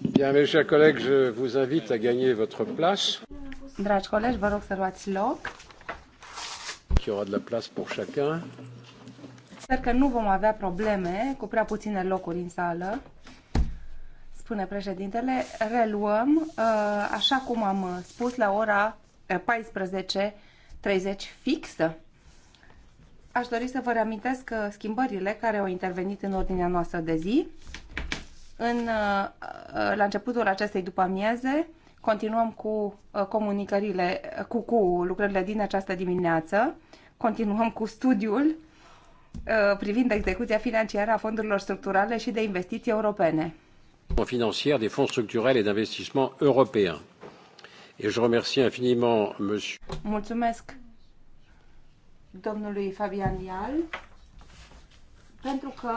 Dragi colegi, vă rog să luați loc. Sper că nu vom avea probleme cu prea puține locuri în sală. Spune președintele, reluăm uh, așa cum am spus la ora 14.30 uh, fixă. Aș dori să vă reamintesc uh, schimbările care au intervenit în ordinea noastră de zi. În, uh, uh, la începutul acestei după-amieze continuăm cu uh, comunicările, cu, cu lucrările din această dimineață, continuăm cu studiul privind execuția financiară a fondurilor structurale și de investiții europene. financiar de fonds structurale et d'investissement european. Et je remercie infiniment monsieur... Mulțumesc domnului Fabian Dial pentru că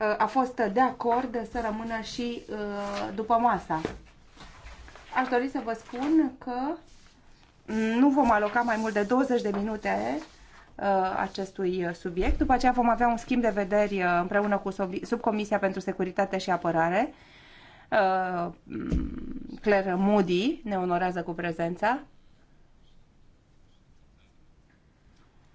Uh, a fost de acord să rămână și uh, după masa. Aș dori să vă spun că nu vom aloca mai mult de 20 de minute uh, acestui subiect. După aceea vom avea un schimb de vederi împreună cu Subcomisia pentru Securitate și Apărare. Claire Moody ne onorează cu prezența.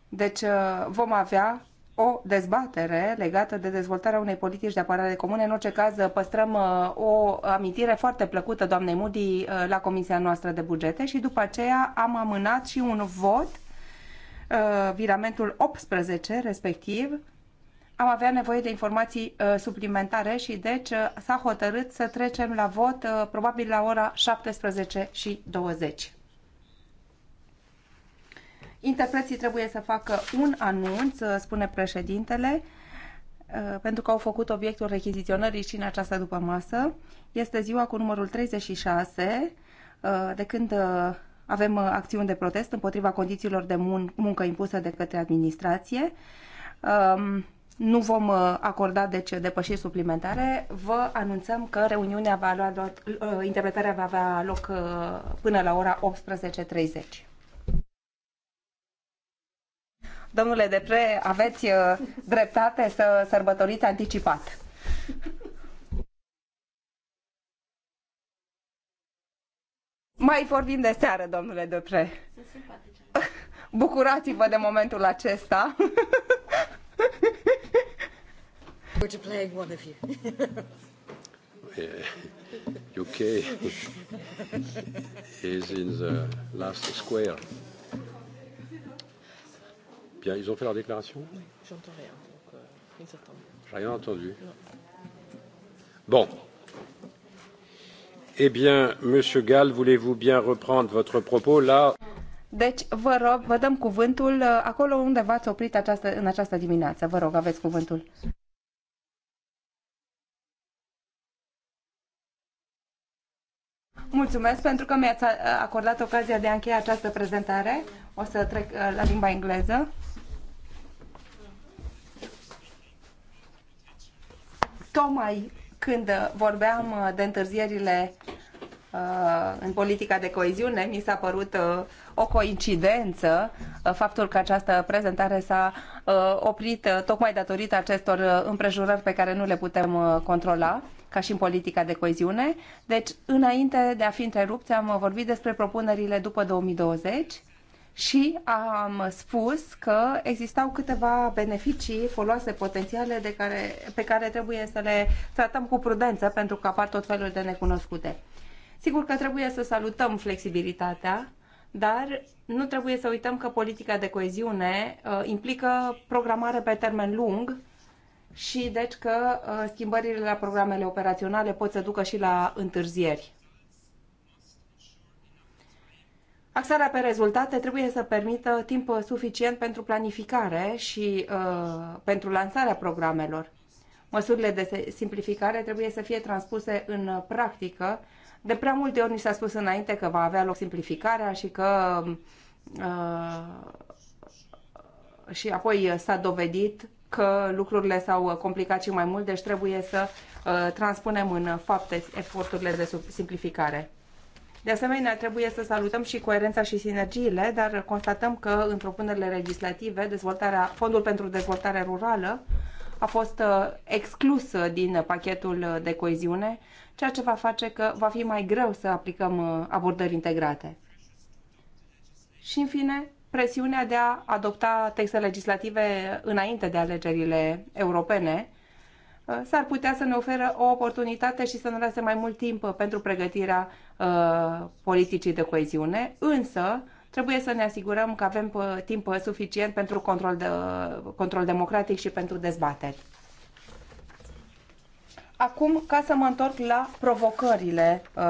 Deci vom avea o dezbatere legată de dezvoltarea unei politici de apărare comune. În orice caz, păstrăm uh, o amintire foarte plăcută doamnei Moody uh, la Comisia noastră de bugete și după aceea am amânat și un vot, uh, viramentul 18 respectiv, am avea nevoie de informații uh, suplimentare și deci uh, s-a hotărât să trecem la vot uh, probabil la ora 17 și 20. Interpreții trebuie să facă un anunț, uh, spune președintele, uh, pentru că au făcut obiectul rechiziționării și în această după masă. Este ziua cu numărul 36, uh, de când avem acțiuni de protest împotriva condițiilor de mun- muncă impuse de către administrație. Um, nu vom acorda, deci, depășiri suplimentare. Vă anunțăm că reuniunea va avea, interpretarea va avea loc până la ora 18.30. Domnule Depre, aveți uh, dreptate să sărbătoriți anticipat. Mai vorbim de seară, domnule Depre. Bucurați-vă de momentul acesta. We're playing one of you. Eh, UK is in the last square. Bien, ils ont fait leur déclaration Oui, j'entends rien. euh, J'ai rien entendu. Non. Bon. Eh bien, Monsieur Gall, voulez-vous bien reprendre votre propos là Deci, vă rog, vă dăm cuvântul uh, acolo unde v-ați oprit această, în această dimineață. Vă rog, aveți cuvântul. Mulțumesc pentru că mi-ați uh, acordat ocazia de a încheia această prezentare. O să trec uh, la limba engleză. Tocmai când uh, vorbeam uh, de întârzierile uh, în politica de coeziune, mi s-a părut o coincidență faptul că această prezentare s-a oprit tocmai datorită acestor împrejurări pe care nu le putem controla, ca și în politica de coeziune. Deci, înainte de a fi întrerupți, am vorbit despre propunerile după 2020 și am spus că existau câteva beneficii foloase potențiale de care, pe care trebuie să le tratăm cu prudență pentru că apar tot felul de necunoscute. Sigur că trebuie să salutăm flexibilitatea, dar nu trebuie să uităm că politica de coeziune uh, implică programare pe termen lung și deci că uh, schimbările la programele operaționale pot să ducă și la întârzieri Axarea pe rezultate trebuie să permită timp suficient pentru planificare și uh, pentru lansarea programelor. Măsurile de simplificare trebuie să fie transpuse în practică. De prea multe ori ni s-a spus înainte că va avea loc simplificarea și că uh, și apoi s-a dovedit că lucrurile s-au complicat și mai mult, deci trebuie să uh, transpunem în fapte eforturile de simplificare. De asemenea, trebuie să salutăm și coerența și sinergiile, dar constatăm că în propunerile legislative, dezvoltarea, Fondul pentru Dezvoltare Rurală a fost uh, exclus uh, din pachetul de coeziune, ceea ce va face că va fi mai greu să aplicăm uh, abordări integrate. Și, în fine, presiunea de a adopta texte legislative înainte de alegerile europene, Uh, s-ar putea să ne oferă o oportunitate și să ne lase mai mult timp uh, pentru pregătirea uh, politicii de coeziune, însă trebuie să ne asigurăm că avem uh, timp suficient pentru control, de, control democratic și pentru dezbateri. Acum, ca să mă întorc la provocările uh,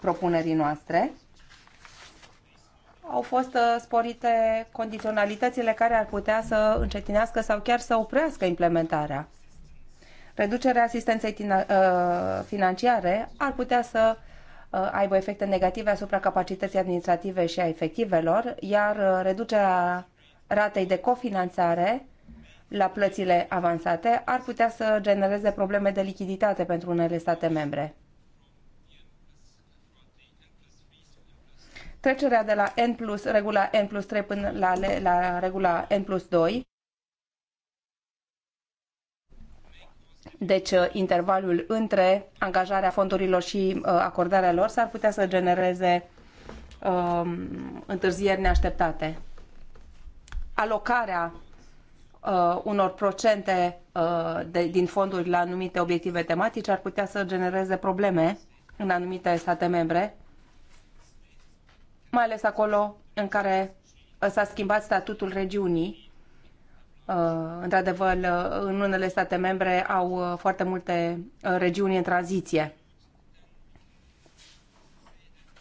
propunerii noastre, au fost uh, sporite condiționalitățile care ar putea să încetinească sau chiar să oprească implementarea Reducerea asistenței uh, financiare ar putea să uh, aibă efecte negative asupra capacității administrative și a efectivelor, iar uh, reducerea ratei de cofinanțare la plățile avansate ar putea să genereze probleme de lichiditate pentru unele state membre. Trecerea de la N plus, regula N plus 3 până la, la regula N plus 2 Deci, uh, intervalul între angajarea fondurilor și uh, acordarea lor s-ar putea să genereze um, întârzieri neașteptate. Alocarea uh, unor procente uh, de, din fonduri la anumite obiective tematice ar putea să genereze probleme în anumite state membre, mai ales acolo în care uh, s-a schimbat statutul regiunii Uh, într-adevăr, uh, în unele state membre au uh, foarte multe regiuni în tranziție.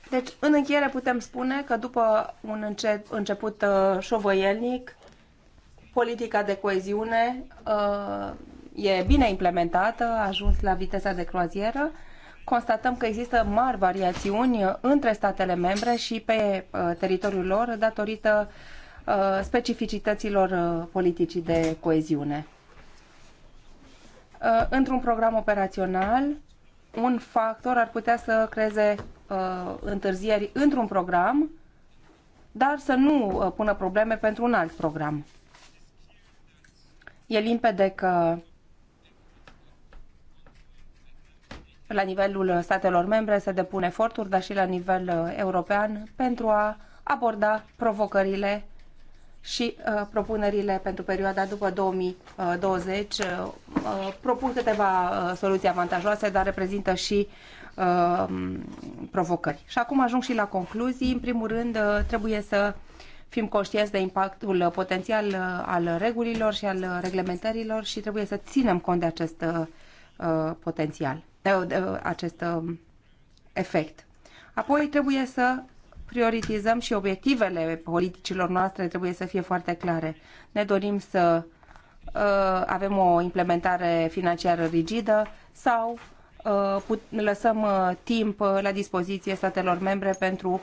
Deci, în încheiere putem spune că după un început șovăielnic, politica de coeziune e bine implementată, a ajuns la viteza de croazieră, constatăm că există mari variațiuni între statele membre și pe teritoriul lor datorită uh, Uh, specificităților uh, politicii de coeziune. Uh, într-un program operațional, un factor ar putea să creeze întârzieri într-un program, dar să nu pună probleme pentru un alt program. E limpede că la nivelul statelor membre se depun eforturi, dar și la nivel european pentru a aborda provocările și uh, propunerile pentru perioada după 2020 uh, uh, uh, propun câteva uh, soluții avantajoase, dar reprezintă și uh, provocări. Și acum ajung și la concluzii. În primul rând, uh, trebuie să fim conștienți de impactul potențial uh, al regulilor și al uh, reglementărilor și trebuie să ținem cont de acest uh, potențial, de, de, acest uh, efect. Apoi trebuie să prioritizăm și obiectivele politicilor noastre trebuie să fie foarte clare. Ne dorim să uh, avem o implementare financiară rigidă sau uh, lăsăm uh, timp la dispoziție statelor membre pentru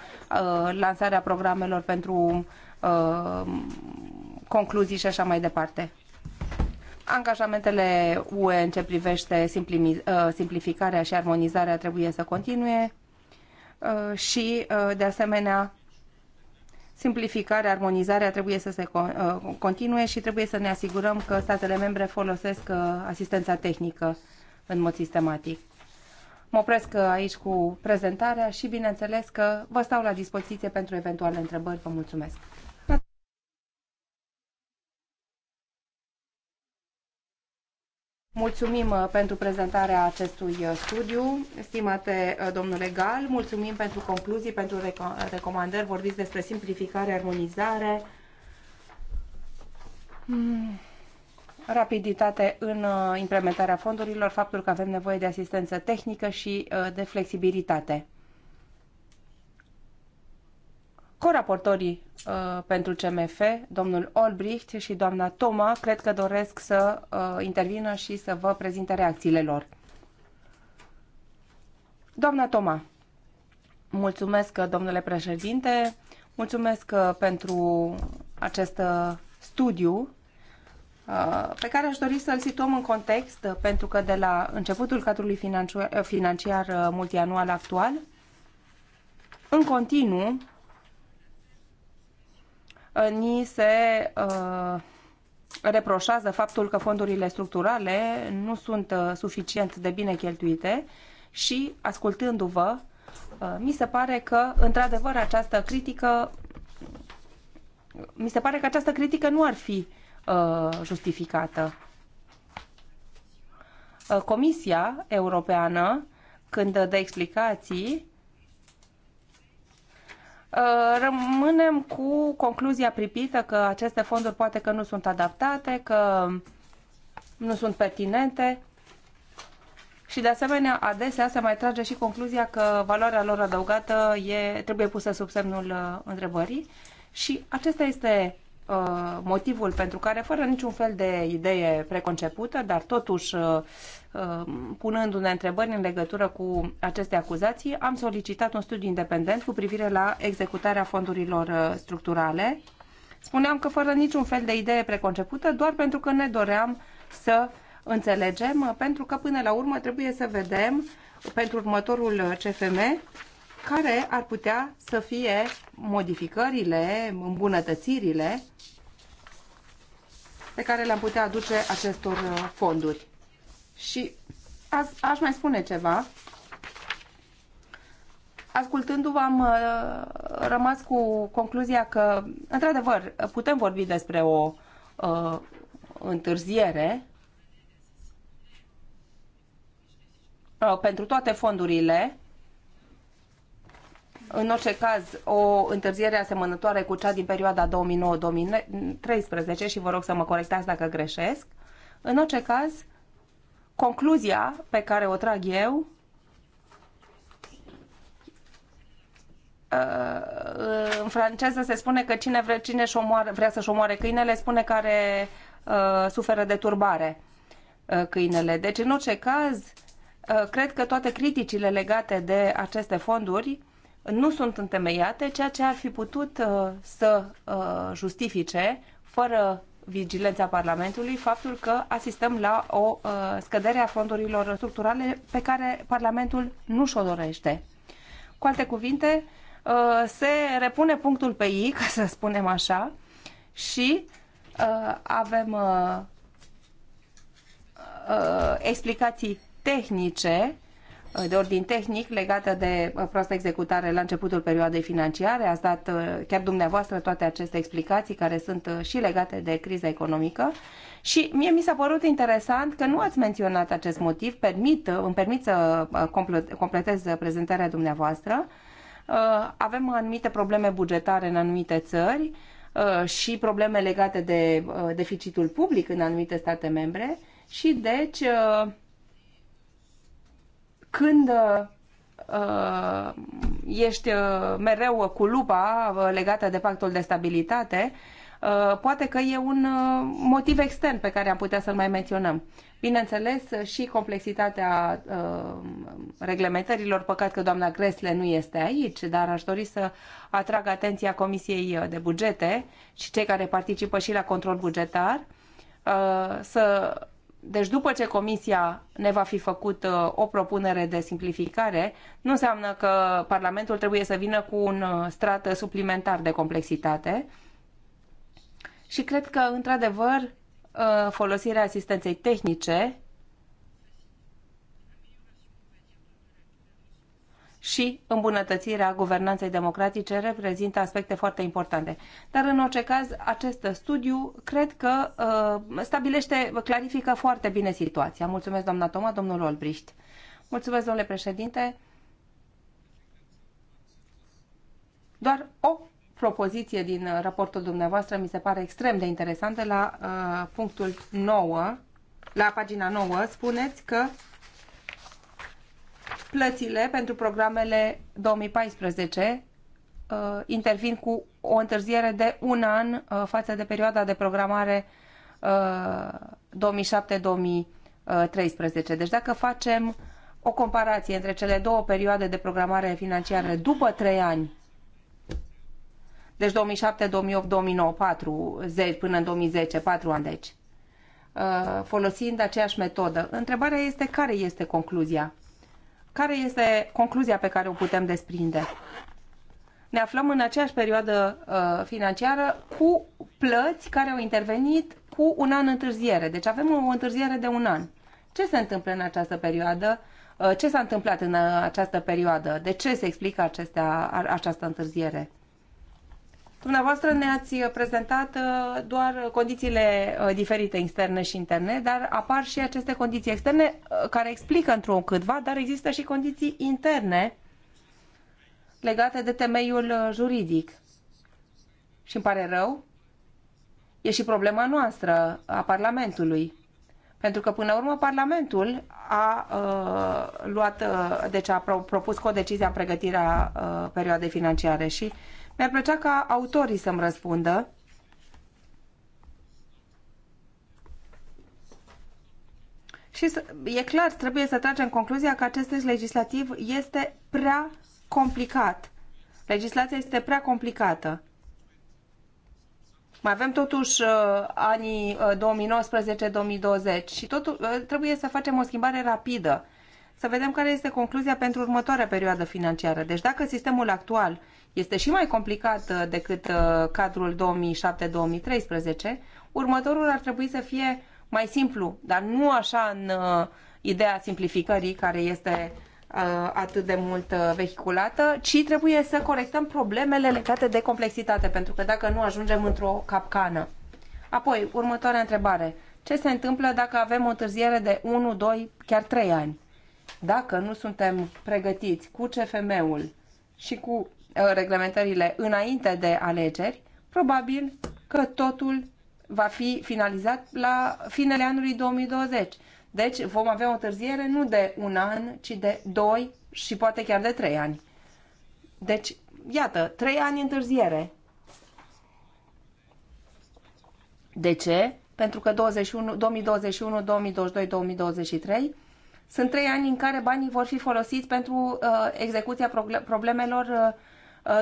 lansarea programelor, pentru concluzii și așa mai departe. Angajamentele UE în ce privește simplificarea și armonizarea trebuie să continue. Uh, și, uh, de asemenea, simplificarea, armonizarea trebuie să se uh, continue și trebuie să ne asigurăm că statele membre folosesc asistența tehnică în mod sistematic. Mă opresc aici cu prezentarea și, bineînțeles, că vă stau la dispoziție pentru eventuale întrebări. Vă mulțumesc! Mulțumim uh, pentru prezentarea acestui uh, studiu, stimate uh, domnule Gal, mulțumim pentru concluzii, pentru recomandări, vorbiți despre simplificare, armonizare, hmm. rapiditate în implementarea fondurilor, faptul că avem nevoie de asistență tehnică și de flexibilitate coraportorii uh, pentru CMF, domnul Olbricht și doamna Toma, cred că doresc să uh, intervină și să vă prezinte reacțiile lor. Doamna Toma, mulțumesc, domnule președinte, mulțumesc uh, pentru acest uh, studiu uh, pe care aș dori să-l situăm în context, uh, pentru că de la începutul cadrului uh, financiar, financiar multianual actual, în continuu, ni se uh, reproșează faptul că fondurile structurale nu sunt uh, suficient de bine cheltuite și, ascultându-vă, uh, mi se pare că, într-adevăr, această critică mi se pare că această critică nu ar fi justificată. Comisia Europeană, când dă explicații, Uh, rămânem cu concluzia pripită că aceste fonduri poate că nu sunt adaptate, că nu sunt pertinente și de asemenea adesea se mai trage și concluzia că valoarea lor adăugată e, trebuie pusă sub semnul uh, întrebării și acesta este Uh, motivul pentru care, fără niciun fel de idee preconcepută, dar totuși uh, uh, punându-ne întrebări în legătură cu aceste acuzații, am solicitat un studiu independent cu privire la executarea fondurilor structurale. Spuneam că fără niciun fel de idee preconcepută, doar pentru că ne doream să înțelegem, pentru că până la urmă trebuie să vedem pentru următorul CFM care ar putea să fie modificările, îmbunătățirile pe care le-am putea aduce acestor uh, fonduri. Și aș, aș mai spune ceva. Ascultându-vă am uh, rămas cu concluzia că, într-adevăr, putem vorbi despre o uh, întârziere uh, pentru toate fondurile în orice caz, o întârziere asemănătoare cu cea din perioada 2009-2013 și vă rog să mă corectați dacă greșesc. În orice caz, concluzia pe care o trag eu uh, în franceză se spune că cine, vre, cine șomoare, vrea să-și omoare câinele spune că are, uh, suferă de turbare uh, câinele. Deci, în orice caz, uh, cred că toate criticile legate de aceste fonduri nu sunt întemeiate, ceea ce ar fi putut uh, să uh, justifice, fără vigilența Parlamentului, faptul că asistăm la o uh, scădere a fondurilor structurale pe care Parlamentul nu și-o dorește. Cu alte cuvinte, se repune punctul pe I, ca să spunem așa, și avem explicații tehnice Uh, de ordin tehnic legată de uh, proastă executare la începutul perioadei financiare. Ați dat uh, chiar dumneavoastră toate aceste explicații care sunt și legate de criza economică. Și mie mi s-a părut interesant că nu ați menționat acest motiv. Permit, îmi permit să completez prezentarea dumneavoastră. Avem anumite probleme bugetare în anumite țări și probleme legate de deficitul public în anumite state membre și deci când uh, ești uh, mereu cu lupa uh, legată de pactul de stabilitate, uh, poate că e un uh, motiv extern pe care am putea să-l mai menționăm. Bineînțeles, uh, și complexitatea uh, reglementărilor, păcat că doamna Gresle nu este aici, dar aș dori să atrag atenția Comisiei de Bugete și cei care participă și la control bugetar uh, să deci după ce Comisia ne va fi făcut uh, o propunere de simplificare, nu înseamnă că Parlamentul trebuie să vină cu un uh, strat suplimentar de complexitate. Și cred că, într-adevăr, uh, folosirea asistenței tehnice și îmbunătățirea guvernanței democratice reprezintă aspecte foarte importante. Dar în orice caz, acest studiu cred că uh, stabilește, clarifică foarte bine situația. Mulțumesc, doamna Toma, domnul Olbriști. Mulțumesc, domnule președinte. Doar o propoziție din uh, raportul dumneavoastră mi se pare extrem de interesantă. La uh, punctul 9, la pagina 9, spuneți că plățile pentru programele 2014 uh, intervin cu o întârziere de un an uh, față de perioada de programare 2007-2013. Uh, deci dacă facem o comparație între cele două perioade de programare financiară după trei ani, deci 2007, 2008, 2009, 4, 10, până în 2010, 4 ani deci, folosind aceeași metodă. Întrebarea este care este concluzia? Care este concluzia pe care o putem desprinde? Ne aflăm în aceeași perioadă uh, financiară cu plăți care au intervenit cu un an întârziere. Deci avem o întârziere de un an. Ce se întâmplă în această perioadă? Uh, ce s-a întâmplat în uh, această perioadă? De ce se explică acestea, această întârziere? Dumneavoastră ne-ați uh, prezentat uh, doar condițiile uh, diferite externe și interne, dar apar și aceste condiții externe care explică într-un câtva, dar există și condiții interne legate de temeiul juridic. Și îmi pare rău, e și problema noastră a Parlamentului. Pentru că, până la urmă, Parlamentul a uh, luat, uh, deci a propus cu o decizie în pregătirea uh, perioadei financiare și uh, mi-ar plăcea ca autorii să-mi răspundă. Și să, e clar, trebuie să tragem concluzia că acest text legislativ este prea complicat. Legislația este prea complicată. Mai avem totuși uh, anii uh, 2019-2020 și tot uh, trebuie să facem o schimbare rapidă. Să vedem care este concluzia pentru următoarea perioadă financiară. Deci dacă sistemul actual uh, este și mai complicat uh, decât uh, cadrul 2007-2013, următorul ar trebui să fie mai simplu, dar nu așa în uh, ideea simplificării care este atât de mult vehiculată, ci trebuie să corectăm problemele legate de complexitate, pentru că dacă nu ajungem într-o capcană. Apoi, următoarea întrebare. Ce se întâmplă dacă avem o întârziere de 1, 2, chiar 3 ani? Dacă nu suntem pregătiți cu CFM-ul și cu Uh, reglementările înainte de alegeri, probabil că totul va fi finalizat la finele anului 2020. Deci vom avea o întârziere nu de un an, ci de doi și poate chiar de trei ani. Deci, iată, trei ani întârziere. De ce? Pentru că 21, 2021, 2022, 2023 sunt trei ani în care banii vor fi folosiți pentru uh, execuția problemelor uh,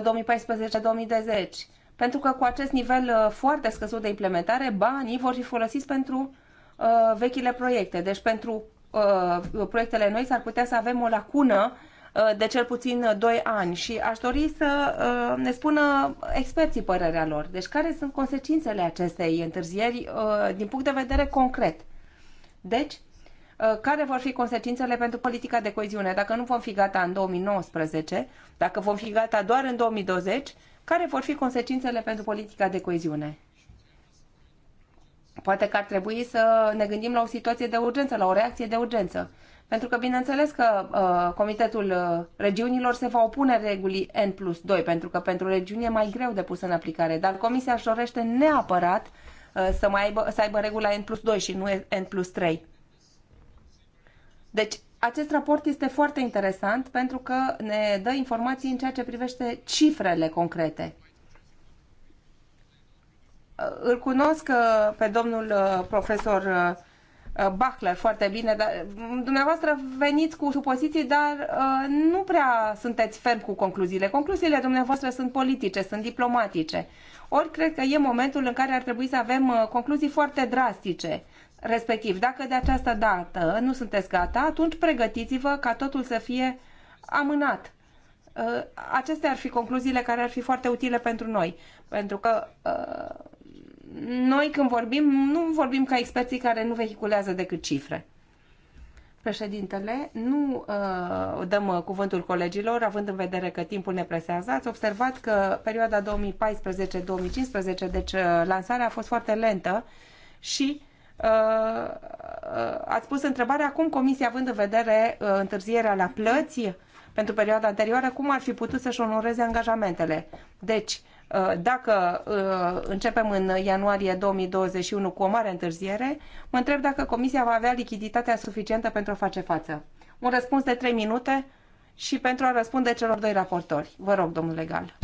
2014 2010 Pentru că cu acest nivel uh, foarte scăzut de implementare, banii vor fi folosiți pentru uh, vechile proiecte. Deci pentru uh, proiectele noi s-ar putea să avem o lacună de cel puțin 2 ani și aș dori să ne spună experții părerea lor. Deci care sunt consecințele acestei întârzieri din punct de vedere concret? Deci, Uh, care vor fi consecințele pentru politica de coeziune. Dacă nu vom fi gata în 2019, dacă vom fi gata doar în 2020, care vor fi consecințele pentru politica de coeziune? Poate că ar trebui să ne gândim la o situație de urgență, la o reacție de urgență. Pentru că, bineînțeles că uh, Comitetul uh, Regiunilor se va opune regulii N plus 2, pentru că pentru regiuni e mai greu de pus în aplicare, dar Comisia își dorește neapărat uh, să, mai aibă, să aibă regula N plus 2 și nu N plus 3. Deci, acest raport este foarte interesant pentru că ne dă informații în ceea ce privește cifrele concrete. Uh, îl cunosc uh, pe domnul uh, profesor Bachler foarte bine, dar mm, dumneavoastră veniți cu supoziții, dar nu prea sunteți ferm cu concluziile. Concluziile dumneavoastră sunt politice, sunt diplomatice. Ori cred că e momentul în care ar trebui să avem concluzii foarte drastice respectiv. Dacă de această dată nu sunteți gata, atunci pregătiți-vă ca totul să fie amânat. Uh, acestea ar fi concluziile care ar fi foarte utile pentru noi, pentru că uh, noi când vorbim, nu vorbim ca experții care nu vehiculează decât cifre. Președintele, nu uh, dăm uh, cuvântul colegilor, având în vedere că timpul ne presează. Ați observat că perioada 2014-2015, deci uh, lansarea a fost foarte lentă și Uh, uh, ați pus întrebarea cum Comisia, având în vedere uh, întârzierea la plăți pentru perioada anterioară, cum ar fi putut să-și onoreze angajamentele. Deci, dacă începem în ianuarie 2021 cu o mare întârziere, mă întreb dacă Comisia va avea lichiditatea suficientă pentru a face față. Un răspuns de 3 minute și pentru a răspunde celor doi raportori. Vă rog, domnul Legal.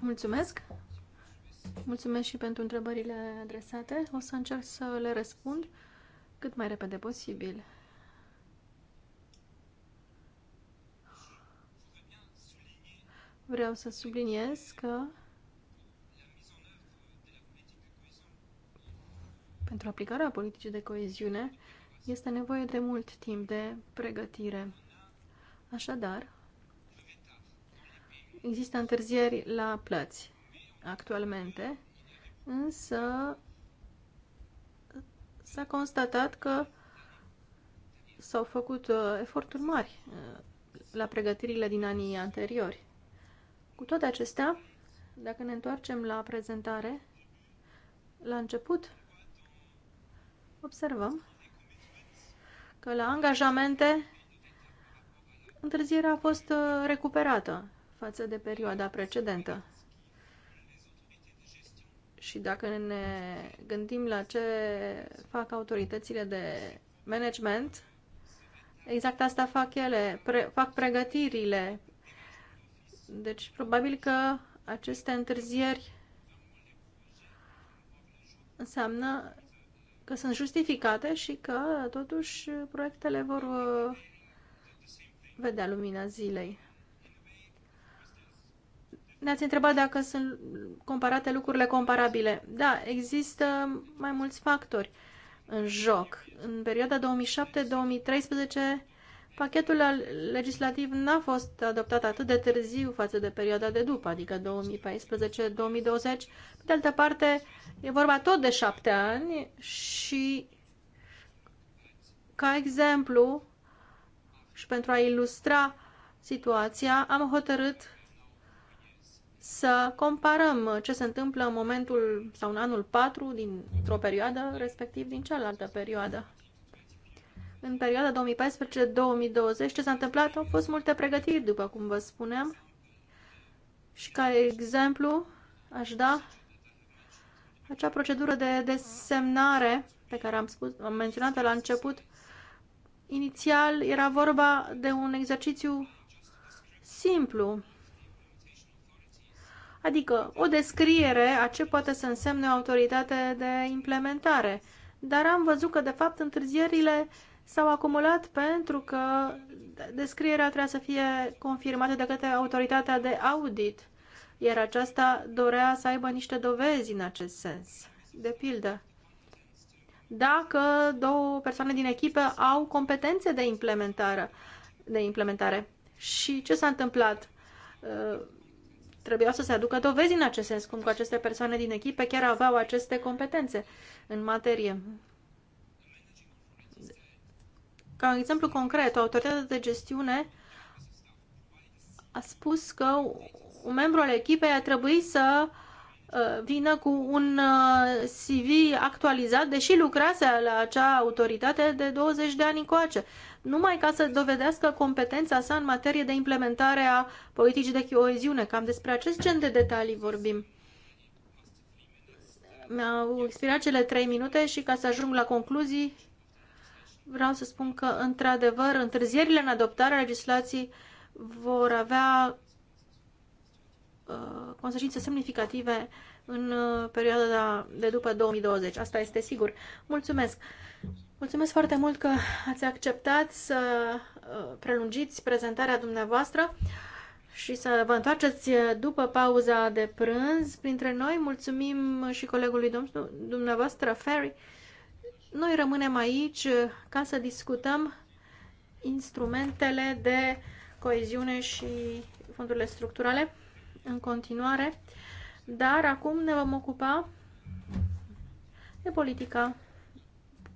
Mulțumesc Mulțumesc și pentru întrebările adresate. O să încerc să le răspund cât mai repede posibil. Vreau să subliniez că pentru aplicarea politicii de coeziune este nevoie de mult timp de pregătire. Așadar, există întârzieri la plăți actualmente, însă s-a constatat că s-au făcut uh, eforturi mari uh, la pregătirile din anii anteriori. Cu toate acestea, dacă ne întoarcem la prezentare, la început observăm că la angajamente întârzierea a fost uh, recuperată față de perioada precedentă. Și dacă ne gândim la ce fac autoritățile de management, exact asta fac ele, pre, fac pregătirile. Deci, probabil că aceste întârzieri înseamnă că sunt justificate și că, totuși, proiectele vor uh, vedea lumina zilei. Ne-ați întrebat dacă sunt comparate lucrurile comparabile. Da, există mai mulți factori în joc. În perioada 2007-2013, pachetul legislativ n-a fost adoptat atât de târziu față de perioada de după, adică 2014-2020. Pe de altă parte, e vorba tot de șapte ani și, ca exemplu, și pentru a ilustra situația, am hotărât să comparăm ce se întâmplă în momentul sau în anul 4 dintr-o perioadă, respectiv din cealaltă perioadă. În perioada 2014-2020, ce s-a întâmplat? Au fost multe pregătiri, după cum vă spuneam. Și ca exemplu, aș da acea procedură de desemnare pe care am, spus, am menționat la început. Inițial era vorba de un exercițiu simplu, adică o descriere a ce poate să însemne o autoritate de implementare. Dar am văzut că, de fapt, întârzierile s-au acumulat pentru că descrierea trebuia să fie confirmată de către autoritatea de audit, iar aceasta dorea să aibă niște dovezi în acest sens. De pildă, dacă două persoane din echipă au competențe de implementare, de implementare. Și ce s-a întâmplat? trebuiau să se aducă dovezi în acest sens, cum că aceste persoane din echipe chiar aveau aceste competențe în materie. Ca un exemplu concret, o autoritate de gestiune a spus că un membru al echipei a trebuit să uh, Uh, vină cu un uh, CV actualizat, deși lucrase la acea autoritate de 20 de ani încoace, numai ca să dovedească competența sa în materie de implementare a politicii de coeziune. Cam despre acest gen de detalii vorbim. Mi-au expirat cele trei minute și ca să ajung la concluzii, vreau să spun că, într-adevăr, întârzierile în adoptarea legislației vor avea Uh, consecințe semnificative în uh, perioada de după 2020. Asta este sigur. Mulțumesc! Mulțumesc foarte mult că ați acceptat să uh, prelungiți prezentarea dumneavoastră și să vă întoarceți după pauza de prânz printre noi. Mulțumim și colegului dumneavoastră, Ferry. Noi rămânem aici ca să discutăm instrumentele de coeziune și fondurile structurale în continuare, dar acum ne vom ocupa de politica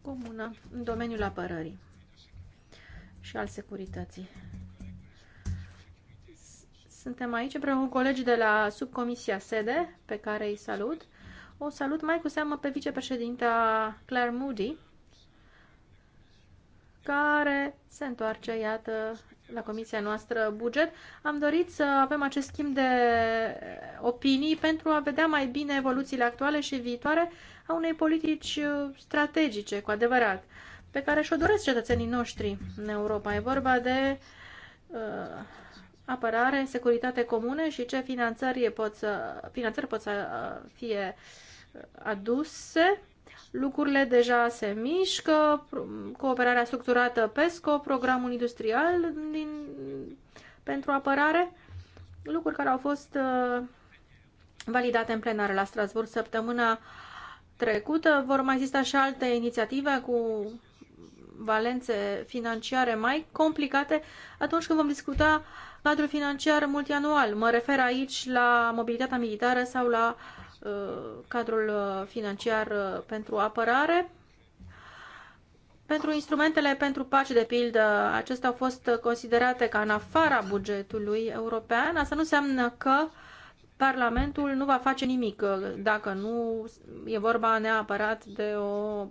comună în domeniul apărării și al securității. Suntem aici împreună cu colegi de la subcomisia sede, pe care îi salut. O salut mai cu seamă pe vicepreședinta Claire Moody, care se întoarce, iată, la comisia noastră buget. Am dorit să avem acest schimb de opinii pentru a vedea mai bine evoluțiile actuale și viitoare a unei politici strategice, cu adevărat, pe care și-o doresc cetățenii noștri în Europa. E vorba de uh, apărare, securitate comune și ce finanțări pot să, finanțări pot să uh, fie aduse lucrurile deja se mișcă, cooperarea structurată PESCO, programul industrial din, pentru apărare, lucruri care au fost uh, validate în plenară la Strasburg săptămâna trecută. Vor mai exista și alte inițiative cu valențe financiare mai complicate atunci când vom discuta cadrul financiar multianual. Mă refer aici la mobilitatea militară sau la uh, Uh, cadrul uh, financiar uh, pentru apărare. Pentru instrumentele pentru pace, de pildă, acestea au fost considerate ca în afara bugetului european. Asta nu înseamnă că Parlamentul nu va face nimic dacă nu e vorba neapărat de o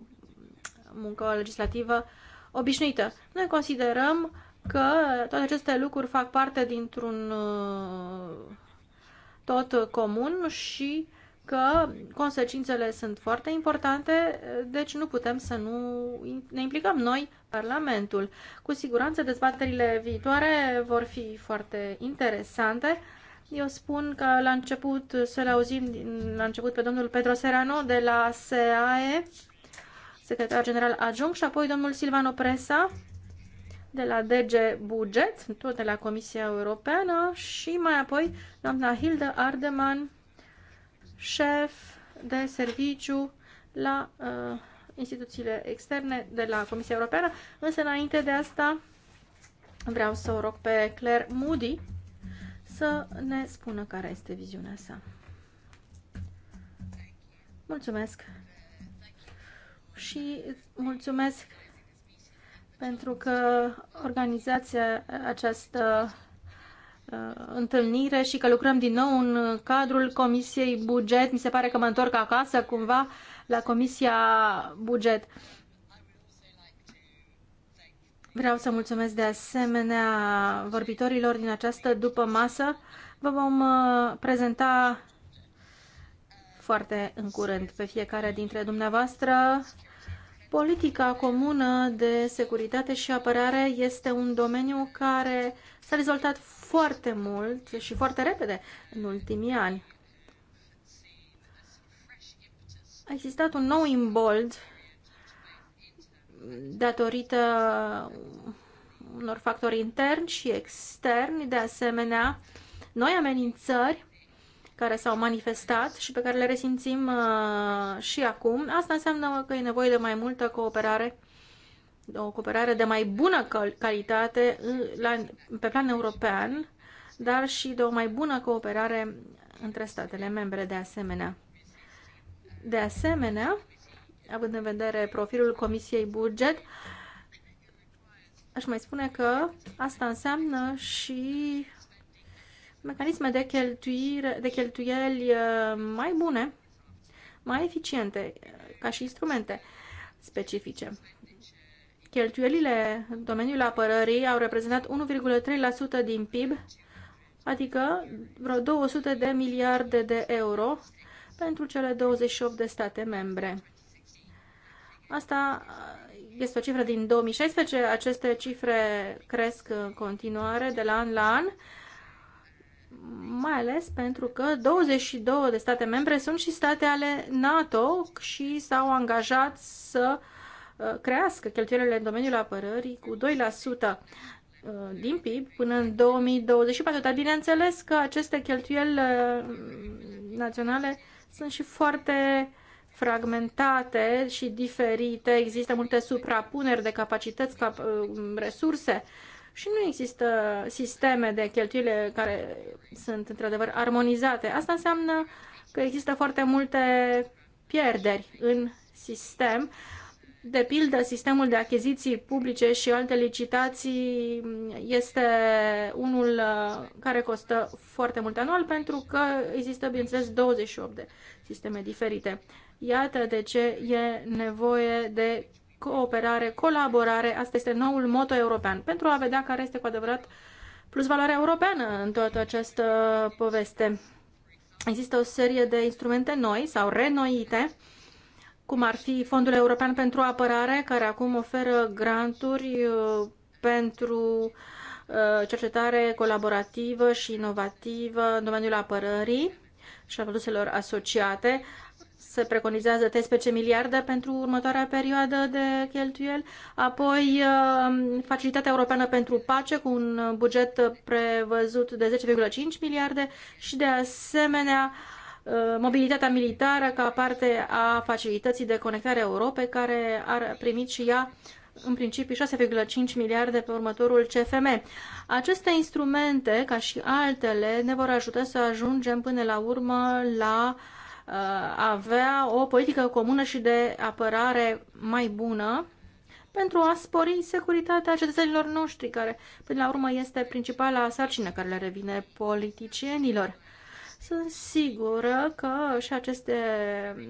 muncă legislativă obișnuită. Noi considerăm că toate aceste lucruri fac parte dintr-un tot comun și uh, că consecințele sunt foarte importante, deci nu putem să nu ne implicăm noi, Parlamentul. Cu siguranță dezbaterile viitoare vor fi foarte interesante. Eu spun că la început să l auzim la început pe domnul Pedro Serrano de la SAE, secretar general adjunct, și apoi domnul Silvano Presa de la DG Buget, tot de la Comisia Europeană, și mai apoi doamna Hilda Ardeman șef de serviciu la uh, instituțiile externe de la Comisia Europeană, însă înainte de asta vreau să o rog pe Claire Moody să ne spună care este viziunea sa. Mulțumesc! Și mulțumesc pentru că organizați această Uh, întâlnire și că lucrăm din nou în cadrul Comisiei Buget. Mi se pare că mă întorc acasă cumva la Comisia Buget. Vreau să mulțumesc de asemenea vorbitorilor din această după masă. Vă vom uh, prezenta foarte în curând pe fiecare dintre dumneavoastră Politica comună de securitate și apărare este un domeniu care s-a dezvoltat foarte mult și foarte repede în ultimii ani. A existat un nou imbold datorită unor factori interni și externi, de asemenea, noi amenințări care s-au manifestat și pe care le resimțim uh, și acum. Asta înseamnă că e nevoie de mai multă cooperare, o cooperare de mai bună calitate uh, la, pe plan european, dar și de o mai bună cooperare între statele membre de asemenea. De asemenea, având în vedere profilul Comisiei Buget, aș mai spune că asta înseamnă și mecanisme de, cheltuire, de cheltuieli uh, mai bune, mai eficiente, uh, ca și instrumente specifice. Cheltuielile în domeniul apărării au reprezentat 1,3% din PIB, adică vreo 200 de miliarde de euro pentru cele 28 de state membre. Asta uh, este o cifră din 2016, aceste cifre cresc în continuare de la an la an mai ales pentru că 22 de state membre sunt și state ale NATO și s-au angajat să uh, crească cheltuielile în domeniul apărării cu 2% uh, din PIB până în 2024, dar bineînțeles că aceste cheltuieli uh, naționale sunt și foarte fragmentate și diferite, există multe suprapuneri de capacități, cap, resurse și nu există sisteme de cheltuiele care sunt într-adevăr armonizate. Asta înseamnă că există foarte multe pierderi în sistem. De pildă, sistemul de achiziții publice și alte licitații este unul uh, care costă foarte mult anual pentru că există, bineînțeles, 28 de sisteme diferite. Iată de ce e nevoie de cooperare, colaborare, asta este noul moto european, pentru a vedea care este cu adevărat plus valoarea europeană în toată această uh, poveste. Există o serie de instrumente noi sau renoite, cum ar fi Fondul European pentru Apărare, care acum oferă granturi uh, pentru uh, cercetare colaborativă și inovativă în domeniul apărării și a produselor asociate se preconizează 13 miliarde pentru următoarea perioadă de cheltuieli, apoi uh, Facilitatea Europeană pentru Pace cu un buget prevăzut de 10,5 miliarde și de asemenea uh, mobilitatea militară ca parte a facilității de conectare a Europei care ar primit și ea în principiu 6,5 miliarde pe următorul CFM. Aceste instrumente, ca și altele, ne vor ajuta să ajungem până la urmă la uh, Uh, avea o politică comună și de apărare mai bună pentru a spori securitatea cetățenilor noștri, care până la urmă este principala sarcină care le revine politicienilor. Sunt sigură că și aceste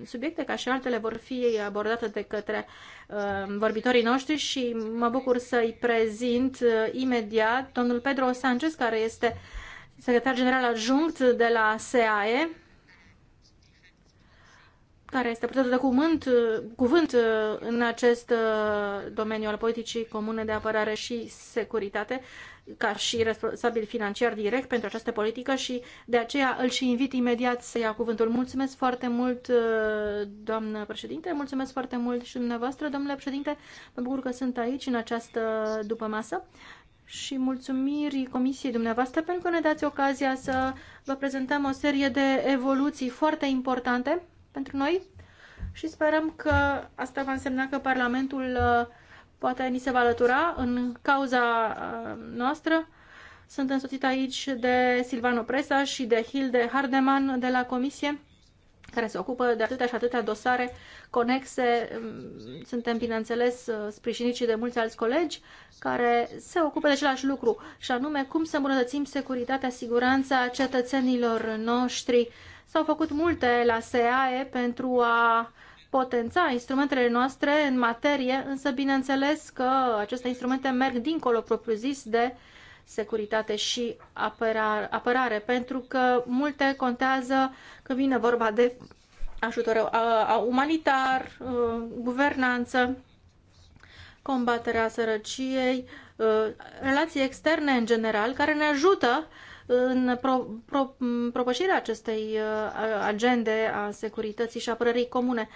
subiecte, ca și altele, vor fi abordate de către uh, vorbitorii noștri și mă bucur să-i prezint uh, imediat domnul Pedro Sanchez, care este secretar general adjunct de la SAE, care este purtată de cuvânt, cuvânt uh, în acest uh, domeniu al politicii comune de apărare și securitate, ca și responsabil financiar direct pentru această politică și de aceea îl și invit imediat să ia cuvântul. Mulțumesc foarte mult, uh, doamnă președinte, mulțumesc foarte mult și dumneavoastră, domnule președinte, mă bucur că sunt aici în această după masă și mulțumiri Comisiei dumneavoastră pentru că ne dați ocazia să vă prezentăm o serie de evoluții foarte importante pentru noi și sperăm că asta va însemna că Parlamentul uh, poate ni se va alătura în cauza uh, noastră. Sunt însoțit aici de Silvano Presa și de Hilde Hardeman de la Comisie, care se ocupă de atâtea și atâtea dosare conexe. Mm, suntem, bineînțeles, uh, sprijiniți și de mulți alți colegi care se ocupă de același lucru, și anume cum să îmbunătățim securitatea, siguranța cetățenilor noștri S-au făcut multe la SEAE pentru a potența instrumentele noastre în materie, însă bineînțeles că aceste instrumente merg dincolo propriu-zis de securitate și apărare, apărare, pentru că multe contează când vine vorba de ajutor umanitar, guvernanță, combaterea sărăciei, relații externe în general, care ne ajută în pro, pro, propășirea acestei uh, agende a securității și apărării comune.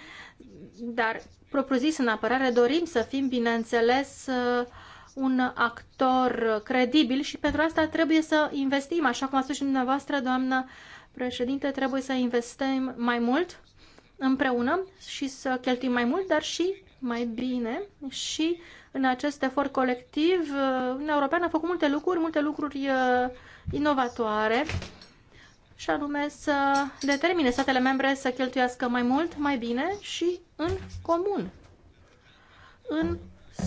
Dar, propriu-zis, în apărare dorim să fim, bineînțeles, uh, un actor credibil și pentru asta trebuie să investim, așa cum a spus și dumneavoastră, doamnă președinte, trebuie să investim mai mult împreună și să cheltuim mai mult, dar și mai bine și în acest efort colectiv, uh, Uniunea Europeană a făcut multe lucruri, multe lucruri inovatoare și anume să determine statele membre să cheltuiască mai mult, mai bine și în comun, în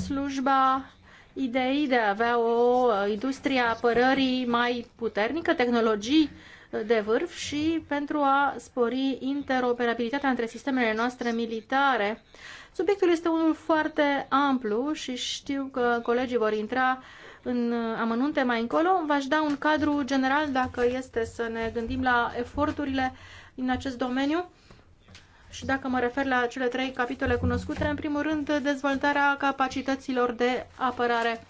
slujba ideii de a avea o industrie a apărării mai puternică, tehnologii de vârf și pentru a spori interoperabilitatea între sistemele noastre militare. Subiectul este unul foarte amplu și știu că colegii vor intra uh, în amănunte mai încolo. V-aș da un cadru general dacă este să ne gândim la eforturile în acest domeniu. Și dacă mă refer la cele trei capitole cunoscute, în primul rând dezvoltarea capacităților de apărare.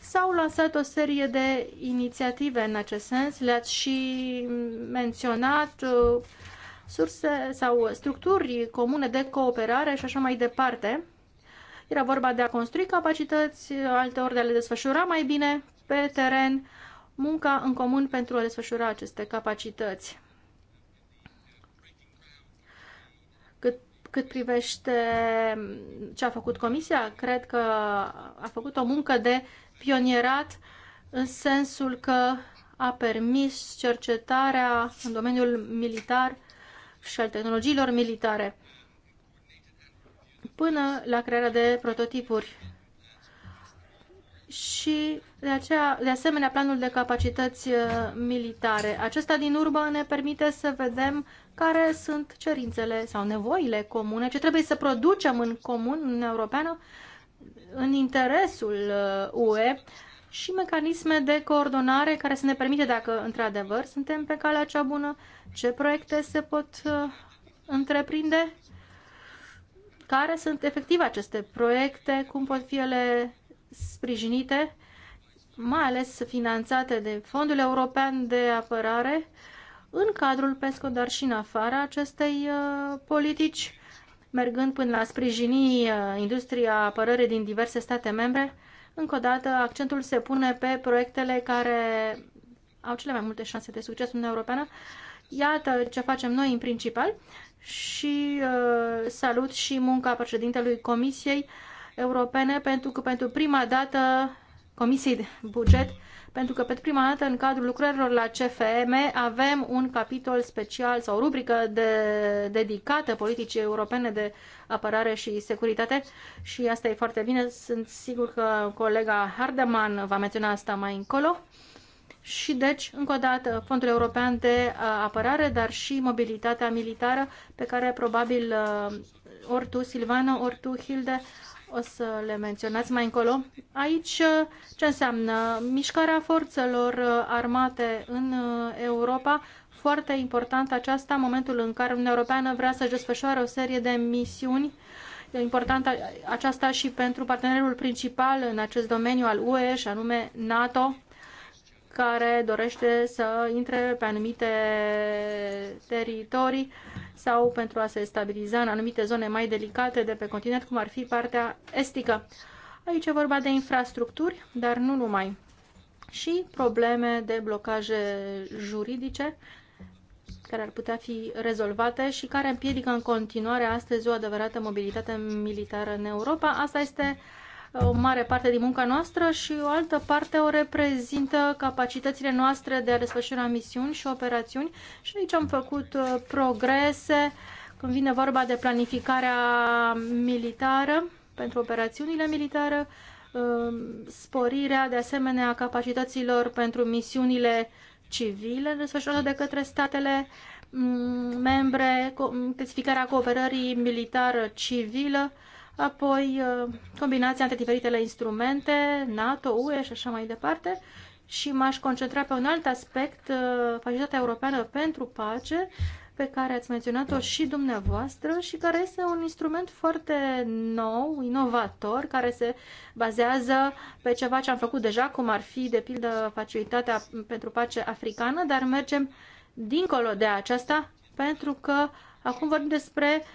S-au lansat o serie de inițiative în acest sens, le-ați și menționat, uh, surse sau structuri comune de cooperare și așa mai departe. Era vorba de a construi capacități, alteori de a le desfășura mai bine pe teren, munca în comun pentru a desfășura aceste capacități. Cât, cât privește ce a făcut Comisia, cred că a făcut o muncă de pionierat în sensul că a permis cercetarea în domeniul militar și al tehnologiilor militare până la crearea de prototipuri. Și de, aceea, de asemenea planul de capacități uh, militare. Acesta din urmă ne permite să vedem care sunt cerințele sau nevoile comune, ce trebuie să producem în comun în Europeană în interesul uh, UE și mecanisme de coordonare care să ne permite dacă într-adevăr suntem pe calea cea bună, ce proiecte se pot uh, întreprinde care sunt efectiv aceste proiecte, cum pot fi ele sprijinite, mai ales finanțate de Fondul European de Apărare, în cadrul PESCO, dar și în afara acestei uh, politici, mergând până la sprijini uh, industria apărării din diverse state membre. Încă o dată, accentul se pune pe proiectele care au cele mai multe șanse de succes în Uniunea Europeană. Iată ce facem noi în principal și uh, salut și munca președintelui Comisiei Europene pentru că pentru prima dată Comisiei de Buget pentru că pentru prima dată în cadrul lucrărilor la CFM avem un capitol special sau rubrică de, dedicată politicii europene de apărare și securitate și asta e foarte bine. Sunt sigur că colega Hardeman va menționa asta mai încolo. Uh, și deci, încă o dată, Fondul European de uh, Apărare, dar și mobilitatea militară pe care probabil uh, ori tu, Silvana, ori tu, Hilde, o să le menționați mai încolo. Aici uh, ce înseamnă? Mișcarea forțelor armate în Europa, foarte important aceasta momentul în care Uniunea Europeană vrea să-și desfășoare o serie de misiuni importantă aceasta și pentru partenerul principal în acest domeniu al UE și anume NATO care dorește să intre pe anumite teritorii sau pentru a se stabiliza în anumite zone mai delicate de pe continent, cum ar fi partea estică. Aici e vorba de infrastructuri, dar nu numai, și probleme de blocaje juridice care ar putea fi rezolvate și care împiedică în continuare astăzi o adevărată mobilitate militară în Europa. Asta este uh, o mare parte din munca noastră și o altă parte o reprezintă capacitățile noastre de a desfășura misiuni și operațiuni și aici am făcut uh, progrese când vine vorba de planificarea militară pentru operațiunile militare, um, sporirea de asemenea capacităților pentru misiunile civile desfășurate de către statele mm, membre, intensificarea cooperării militară-civilă apoi uh, combinația între diferitele instrumente, NATO, UE și așa mai departe, și m-aș concentra pe un alt aspect, uh, Facilitatea Europeană pentru Pace, pe care ați menționat-o și dumneavoastră și care este un instrument foarte nou, inovator, care se bazează pe ceva ce am făcut deja, cum ar fi, de pildă, Facilitatea pentru Pace Africană, dar mergem dincolo de aceasta pentru că acum vorbim despre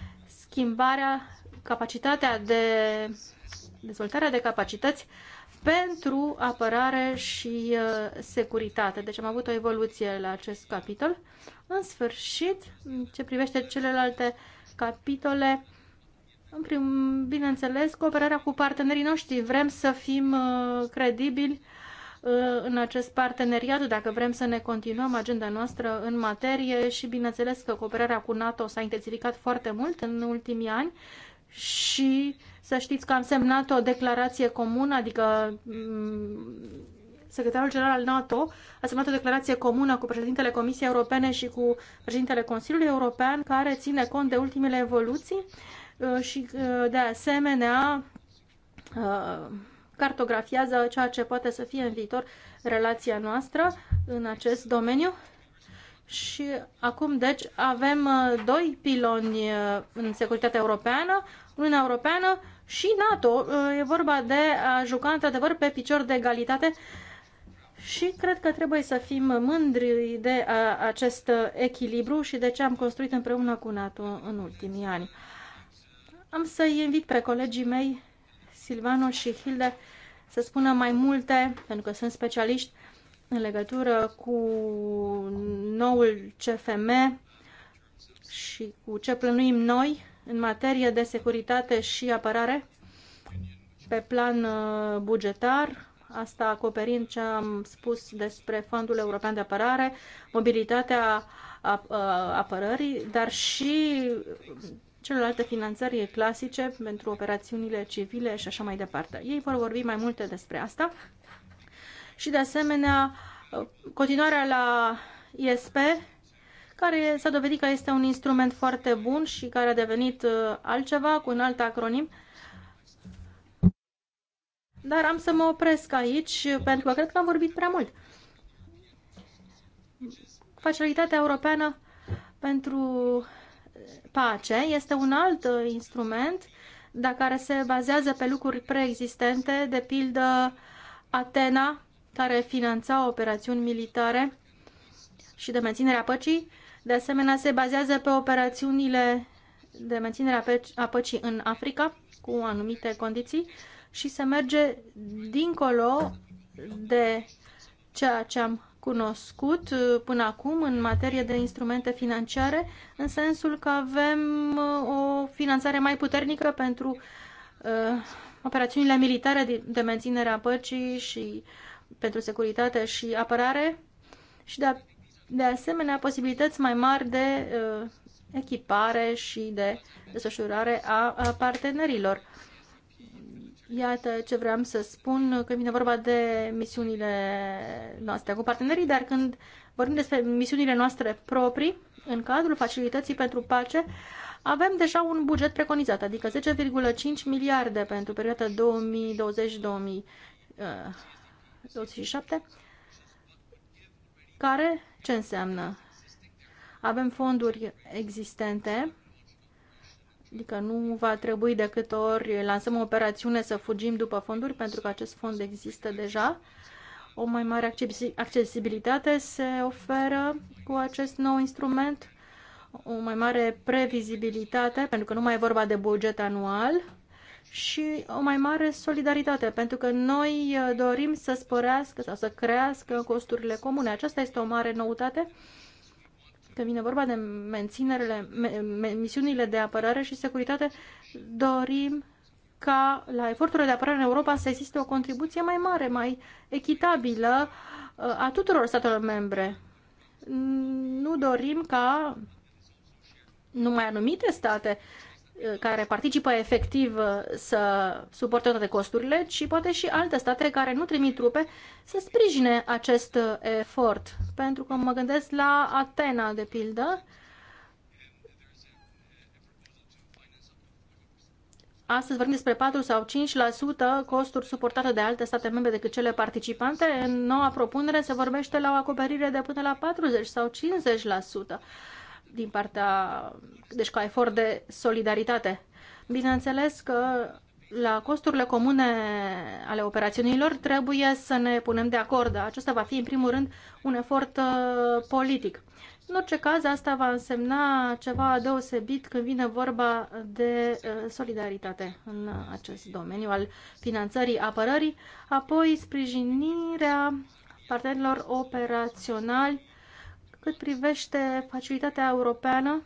schimbarea capacitatea de dezvoltarea de capacități pentru apărare și uh, securitate. Deci am avut o evoluție la acest capitol. În sfârșit, ce privește celelalte capitole, în prim, bineînțeles, cooperarea cu partenerii noștri. Vrem să fim uh, credibili uh, în acest parteneriat, dacă vrem să ne continuăm agenda noastră în materie și bineînțeles că cooperarea cu NATO s-a intensificat foarte mult în ultimii ani și să știți că am semnat o declarație comună, adică mm, secretarul general al NATO a semnat o declarație comună cu președintele Comisiei Europene și cu președintele Consiliului European care ține cont de ultimele evoluții uh, și uh, de asemenea uh, cartografiază ceea ce poate să fie în viitor relația noastră în acest domeniu. Și acum, deci, avem uh, doi piloni uh, în securitatea europeană, Uniunea Europeană și NATO. Uh, e vorba de a juca într-adevăr pe picior de egalitate și cred că trebuie să fim mândri de acest echilibru și de ce am construit împreună cu NATO în ultimii ani. Am să-i invit pe colegii mei, Silvano și Hilde, să spună mai multe, pentru că sunt specialiști în legătură cu noul CFM și cu ce plănuim noi în materie de securitate și apărare pe plan uh, bugetar, asta acoperind ce am spus despre Fondul European de Apărare, mobilitatea uh, apărării, dar și celelalte finanțări clasice pentru operațiunile civile și așa mai departe. Ei vor vorbi mai multe despre asta și de asemenea continuarea la ISP, care s-a dovedit că este un instrument foarte bun și care a devenit uh, altceva cu un alt acronim. Dar am să mă opresc aici pentru că cred că am vorbit prea mult. Facilitatea Europeană pentru Pace este un alt uh, instrument dar care se bazează pe lucruri preexistente, de pildă Atena, care finanța operațiuni militare și de menținere a păcii. De asemenea, se bazează pe operațiunile de menținere a păcii în Africa, cu anumite condiții, și se merge dincolo de ceea ce am cunoscut până acum în materie de instrumente financiare, în sensul că avem uh, o finanțare mai puternică pentru uh, operațiunile militare de menținere a păcii și uh, pentru securitate și apărare și de, de asemenea posibilități mai mari de uh, echipare și de desfășurare a, a partenerilor. Iată ce vreau să spun când vine vorba de misiunile noastre cu partenerii, dar când vorbim despre misiunile noastre proprii, în cadrul facilității pentru pace, avem deja un buget preconizat, adică 10,5 miliarde pentru perioada 2020-2020. 27, care ce înseamnă? Avem fonduri existente, adică nu va trebui de câte ori lansăm o operațiune să fugim după fonduri, pentru că acest fond există deja. O mai mare accesibilitate se oferă cu acest nou instrument, o mai mare previzibilitate, pentru că nu mai e vorba de buget anual, și o mai mare solidaritate, pentru că noi uh, dorim să sporească sau să crească costurile comune. Aceasta este o mare noutate când vine vorba de menținerele, misiunile de apărare și securitate, dorim ca la eforturile de apărare în Europa să existe o contribuție mai mare, mai echitabilă uh, a tuturor statelor membre. Nu dorim ca numai anumite state care participă efectiv uh, să suporte toate costurile, ci poate și alte state care nu trimit trupe să sprijine acest uh, efort. Pentru că mă gândesc la Atena, de pildă. Astăzi vorbim despre 4 sau 5% costuri suportate de alte state membre decât cele participante. În noua propunere se vorbește la o acoperire de până la 40 sau 50% din partea, deci ca efort de solidaritate. Bineînțeles că la costurile comune ale operațiunilor trebuie să ne punem de acord. Acesta va fi, în primul rând, un efort uh, politic. În orice caz, asta va însemna ceva deosebit când vine vorba de uh, solidaritate în acest domeniu al finanțării apărării, apoi sprijinirea partenerilor operaționali cât privește facilitatea europeană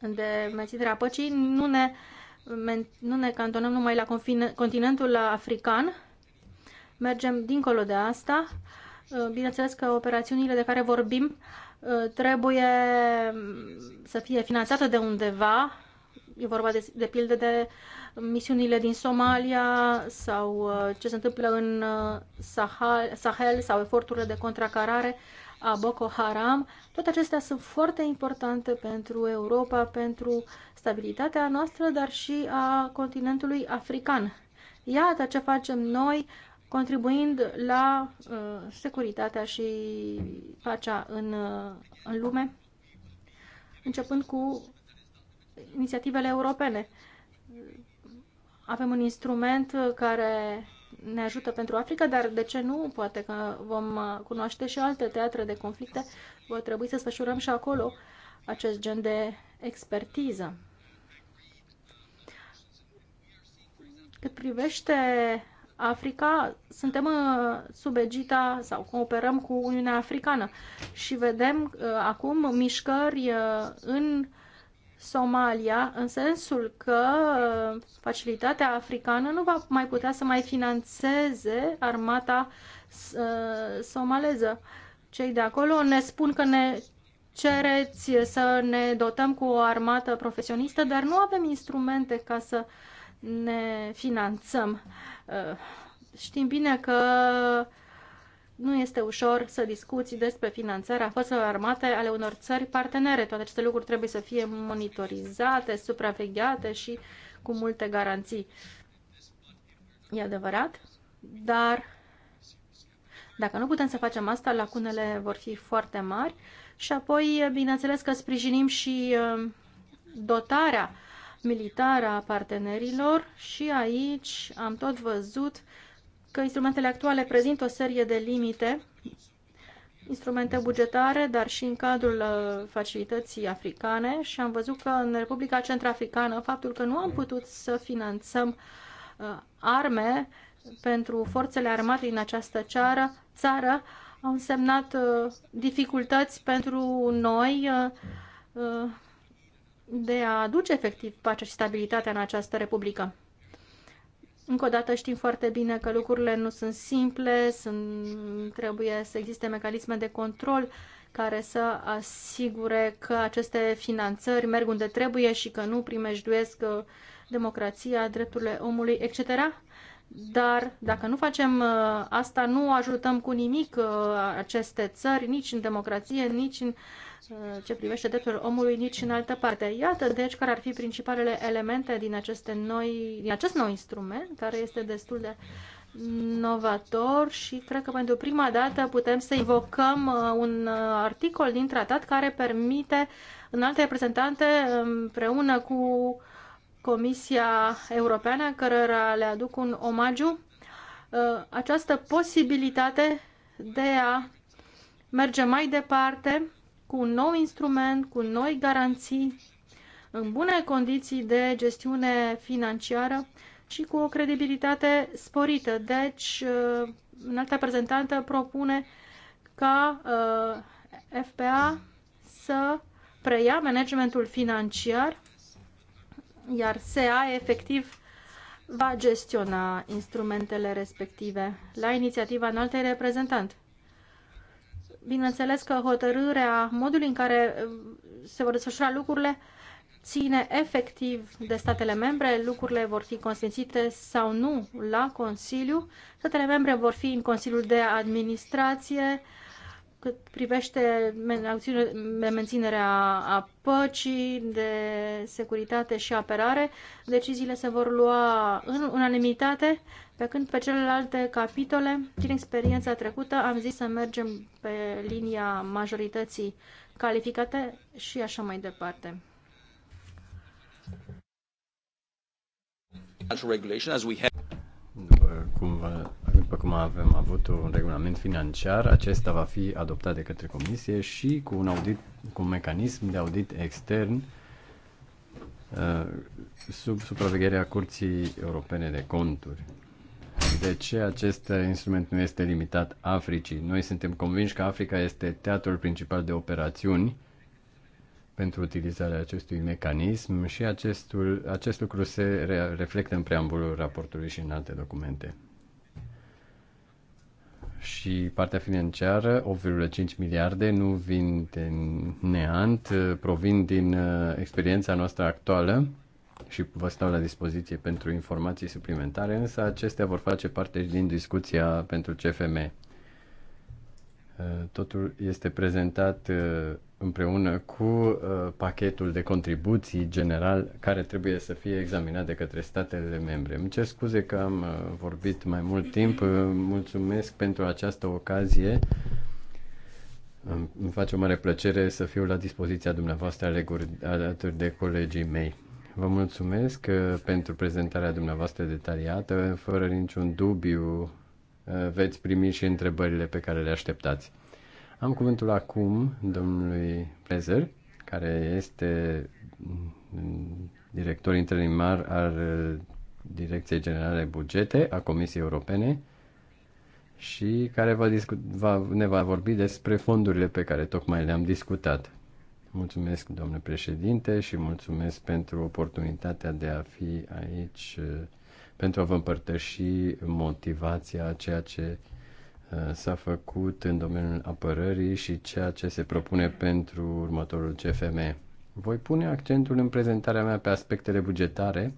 de menținere a păcii, nu ne, nu ne cantonăm numai la confine, continentul african, mergem dincolo de asta. Uh, bineînțeles că operațiunile de care vorbim uh, trebuie mm, să fie finanțate de undeva. E vorba de, de pildă de misiunile din Somalia sau uh, ce se întâmplă în Sahel, Sahel sau eforturile de contracarare a Boko Haram. Toate acestea sunt foarte importante pentru Europa, pentru stabilitatea noastră, dar și a continentului african. Iată ce facem noi contribuind la uh, securitatea și pacea în, uh, în lume, începând cu inițiativele europene. Avem un instrument care ne ajută pentru Africa, dar de ce nu? Poate că vom uh, cunoaște și alte teatre de conflicte. Va trebui să sfășurăm și acolo acest gen de expertiză. Cât privește Africa, suntem uh, sub egita sau cooperăm cu Uniunea Africană și vedem uh, acum mișcări în Somalia, în sensul că uh, facilitatea africană nu va mai putea să mai financeze armata uh, somaleză. Cei de acolo ne spun că ne cereți să ne dotăm cu o armată profesionistă, dar nu avem instrumente ca să ne finanțăm. Uh, știm bine că nu este ușor să discuți despre finanțarea forțelor armate ale unor țări partenere. Toate aceste lucruri trebuie să fie monitorizate, supravegheate și cu multe garanții. E adevărat, dar dacă nu putem să facem asta, lacunele vor fi foarte mari și apoi, bineînțeles că sprijinim și uh, dotarea militară a partenerilor și aici am tot văzut uh, că instrumentele actuale prezintă o serie de limite, instrumente bugetare, dar și în cadrul uh, facilității africane și am văzut că în Republica Centrafricană faptul că nu am putut să finanțăm uh, arme pentru forțele armate din această țară, țară au însemnat uh, dificultăți pentru noi de a aduce efectiv pacea și stabilitatea în această republică. Încă o dată știm foarte bine că lucrurile nu sunt simple, sunt, trebuie să existe mecanisme de control care să asigure că aceste finanțări merg unde trebuie și că nu primejduiesc uh, democrația, drepturile omului, etc. Dar dacă nu facem uh, asta, nu ajutăm cu nimic uh, aceste țări, nici în democrație, nici în uh, Uh, ce privește drepturile omului nici în altă parte. Iată, deci, care ar fi principalele elemente din, aceste noi, din acest nou instrument, care este destul de novator și cred că pentru prima dată putem să invocăm uh, un uh, articol din tratat care permite în alte reprezentante împreună cu Comisia Europeană, cărora le aduc un omagiu, această posibilitate de a merge mai departe cu un nou instrument, cu noi garanții, în bune condiții de gestiune financiară și cu o credibilitate sporită. Deci, uh, alta prezentantă propune ca uh, FPA să preia managementul financiar, iar SEA efectiv va gestiona instrumentele respective la inițiativa înaltei reprezentant. Bineînțeles că hotărârea modul în care um, se vor desfășura lucrurile ține efectiv de statele membre, lucrurile vor fi consfințite sau nu la Consiliu. Statele membre vor fi în Consiliul de Administrație, cât privește menținerea a păcii, de securitate și apărare, deciziile se vor lua în unanimitate, pe când pe celelalte capitole, din experiența trecută, am zis să mergem pe linia majorității calificate și așa mai departe. Regulation, as we have cum, vă, după cum avem avut un regulament financiar, acesta va fi adoptat de către Comisie și cu un audit, cu un mecanism de audit extern uh, sub supravegherea Curții Europene de Conturi. De ce acest instrument nu este limitat Africii? Noi suntem convinși că Africa este teatrul principal de operațiuni pentru utilizarea acestui mecanism și acestul, acest lucru se re- reflectă în preambulul raportului și în alte documente. Și partea financiară, 8,5 miliarde, nu vin din neant, provin din uh, experiența noastră actuală și vă stau la dispoziție pentru informații suplimentare, însă acestea vor face parte din discuția pentru CFM. Uh, totul este prezentat uh, împreună cu uh, pachetul de contribuții general care trebuie să fie examinat de către statele membre. Îmi cer scuze că am uh, vorbit mai mult timp. Uh, mulțumesc pentru această ocazie. Îmi face o mare plăcere să fiu la dispoziția dumneavoastră alături de colegii mei. Vă mulțumesc uh, pentru prezentarea dumneavoastră detaliată. Fără niciun dubiu, uh, veți primi și întrebările pe care le așteptați. Am cuvântul acum domnului Prezer, care este mm, director interimar al uh, Direcției Generale Bugete a Comisiei Europene și care va discu- va, ne va vorbi despre fondurile pe care tocmai le-am discutat. Mulțumesc, domnule președinte, și mulțumesc pentru oportunitatea de a fi aici uh, pentru a vă împărtăși motivația a ceea ce Eh, s-a făcut în domeniul apărării și ceea ce se propune pentru următorul CFM. Voi pune accentul în prezentarea mea pe aspectele bugetare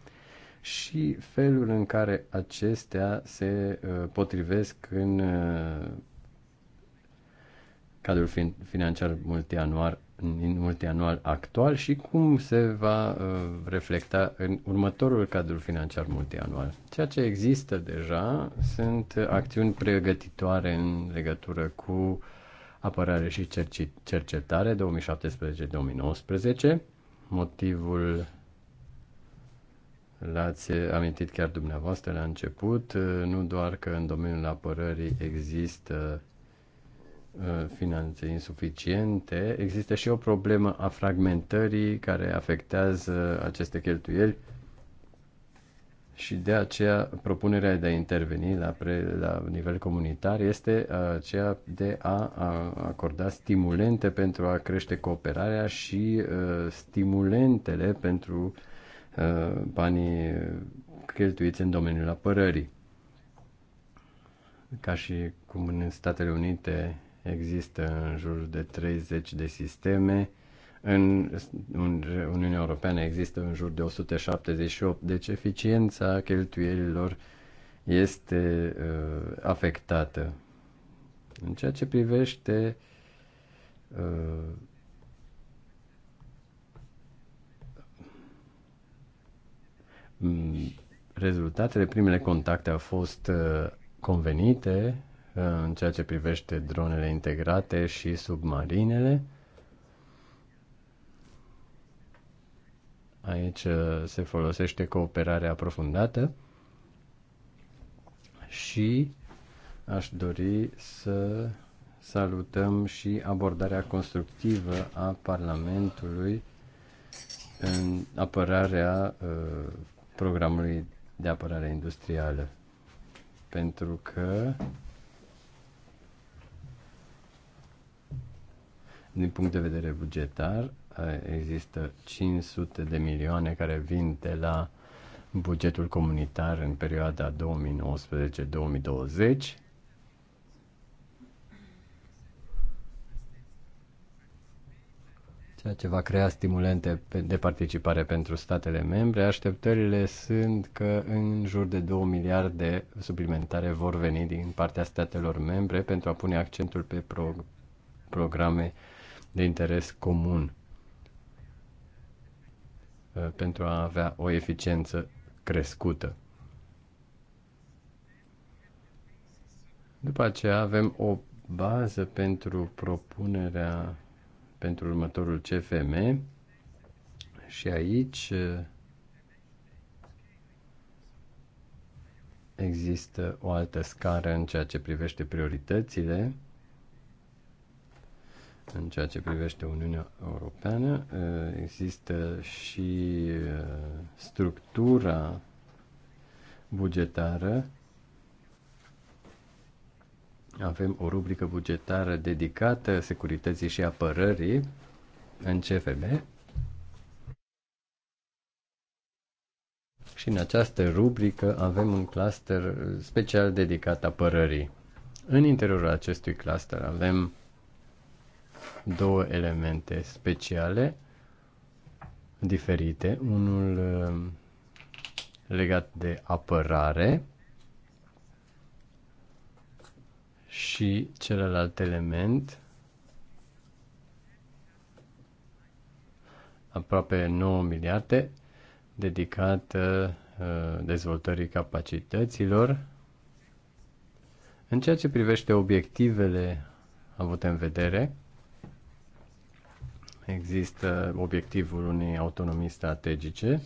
și felul în care acestea se eh, potrivesc în eh, cadrul financiar multianual multianual actual și cum se va uh, reflecta în următorul cadru financiar multianual. Ceea ce există deja sunt acțiuni pregătitoare în legătură cu apărare și cercetare 2017-2019. Motivul L-ați amintit chiar dumneavoastră la început, uh, nu doar că în domeniul apărării există Uh, finanțe insuficiente, există și o problemă a fragmentării care afectează aceste cheltuieli și de aceea propunerea de a interveni la, pre, la nivel comunitar este uh, aceea de a, acorda stimulente pentru a crește cooperarea și uh, stimulentele pentru uh, banii cheltuiți în domeniul apărării. Ca și cum în Statele Unite Există în jur de 30 de sisteme. În Uniunea Europeană există în jur de 178, deci eficiența cheltuielilor este uh, afectată. În ceea ce privește uh, rezultatele, primele contacte au fost uh, convenite Uh, în ceea ce privește dronele integrate și submarinele. Aici uh, se folosește cooperarea aprofundată și aș dori să salutăm și abordarea constructivă a Parlamentului în apărarea uh, programului de apărare industrială. Pentru că din punct de vedere bugetar, există 500 de milioane care vin de la bugetul comunitar în perioada 2019-2020. ceea ce va crea stimulente de participare pentru statele membre. Așteptările sunt că în jur de 2 miliarde suplimentare vor veni din partea statelor membre pentru a pune accentul pe pro- programe de interes comun uh, pentru a avea o eficiență crescută. După aceea avem o bază pentru propunerea pentru următorul CFM și aici uh, există o altă scară în ceea ce privește prioritățile în ceea ce privește Uniunea Europeană, există și structura bugetară. Avem o rubrică bugetară dedicată securității și apărării în CFB. Și în această rubrică avem un cluster special dedicat apărării. În interiorul acestui cluster avem două elemente speciale diferite. Unul uh, legat de apărare și celălalt element aproape 9 miliarde dedicat uh, uh, dezvoltării capacităților. În ceea ce privește obiectivele avute în vedere, Există obiectivul unei autonomii strategice,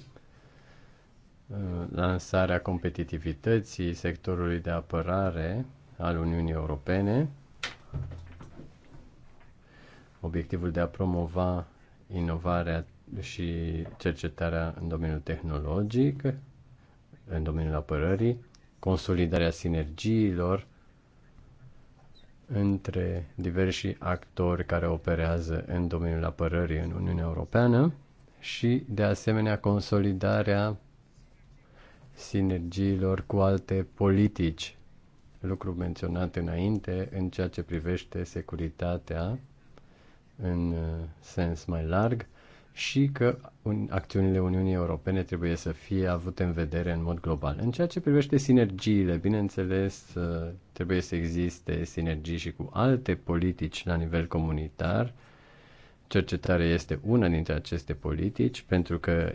uh, lansarea competitivității sectorului de apărare al Uniunii Europene, obiectivul de a promova inovarea și cercetarea în domeniul tehnologic, în domeniul apărării, consolidarea sinergiilor între diversi actori care operează în domeniul apărării în Uniunea Europeană și, de asemenea, consolidarea sinergiilor cu alte politici, lucru menționat înainte în ceea ce privește securitatea în uh, sens mai larg și că acțiunile Uniunii Europene trebuie să fie avute în vedere în mod global. În ceea ce privește sinergiile, bineînțeles, uh, trebuie să existe sinergii și cu alte politici la nivel comunitar. Cercetarea este una dintre aceste politici, pentru că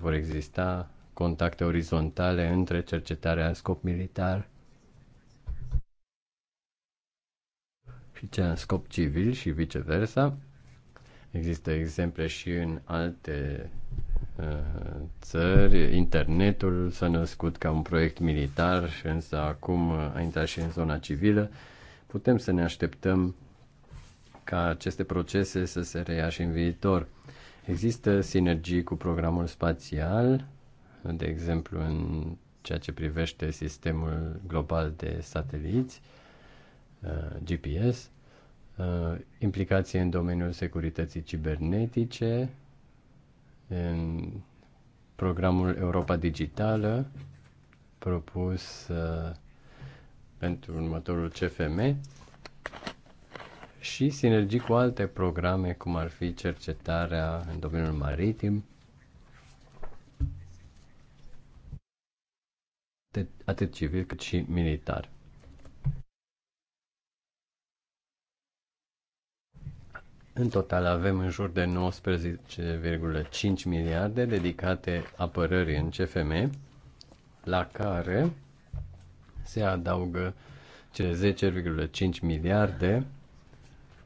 vor exista contacte orizontale între cercetarea în scop militar și cea în scop civil și viceversa Există exemple și în alte uh, țări. Internetul s-a născut ca un proiect militar, însă acum uh, a intrat și în zona civilă. Putem să ne așteptăm ca aceste procese să se reia și în viitor. Există sinergii cu programul spațial, de exemplu în ceea ce privește sistemul global de sateliți, uh, GPS, Uh, implicație în domeniul securității cibernetice, în programul Europa Digitală, propus uh, pentru următorul CFM și sinergii cu alte programe, cum ar fi cercetarea în domeniul maritim, atât civil cât și militar. În total avem în jur de 19,5 miliarde dedicate apărării în CFM, la care se adaugă cele 10,5 miliarde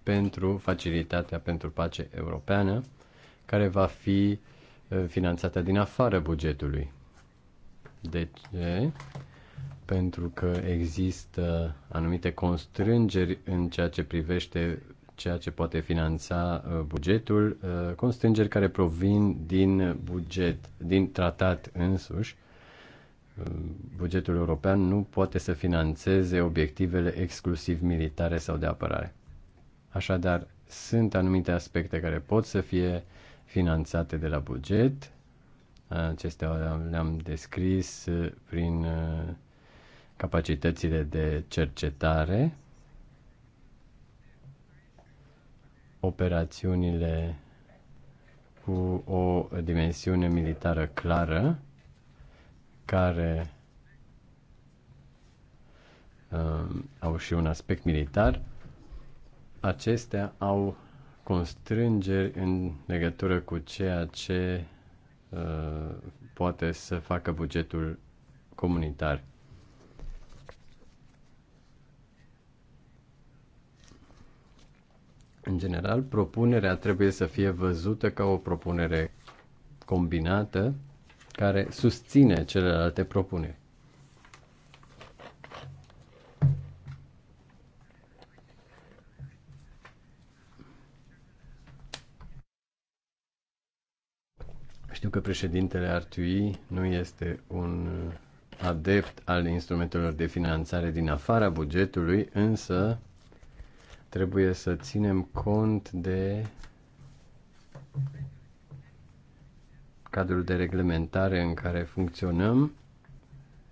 pentru facilitatea pentru pace europeană, care va fi eh, finanțată din afara bugetului. De ce? Pentru că există anumite constrângeri în ceea ce privește ceea ce poate finanța uh, bugetul, uh, constrângeri care provin din buget, din tratat însuși. Uh, bugetul european nu poate să financeze obiectivele exclusiv militare sau de apărare. Așadar, sunt anumite aspecte care pot să fie finanțate de la buget. Acestea le-am descris prin capacitățile de cercetare operațiunile cu o dimensiune militară clară care uh, au și un aspect militar, acestea au constrângeri în legătură cu ceea ce uh, poate să facă bugetul comunitar. În general, propunerea trebuie să fie văzută ca o propunere combinată care susține celelalte propuneri. Știu că președintele Artui nu este un adept al instrumentelor de finanțare din afara bugetului, însă Trebuie să ținem cont de cadrul de reglementare în care funcționăm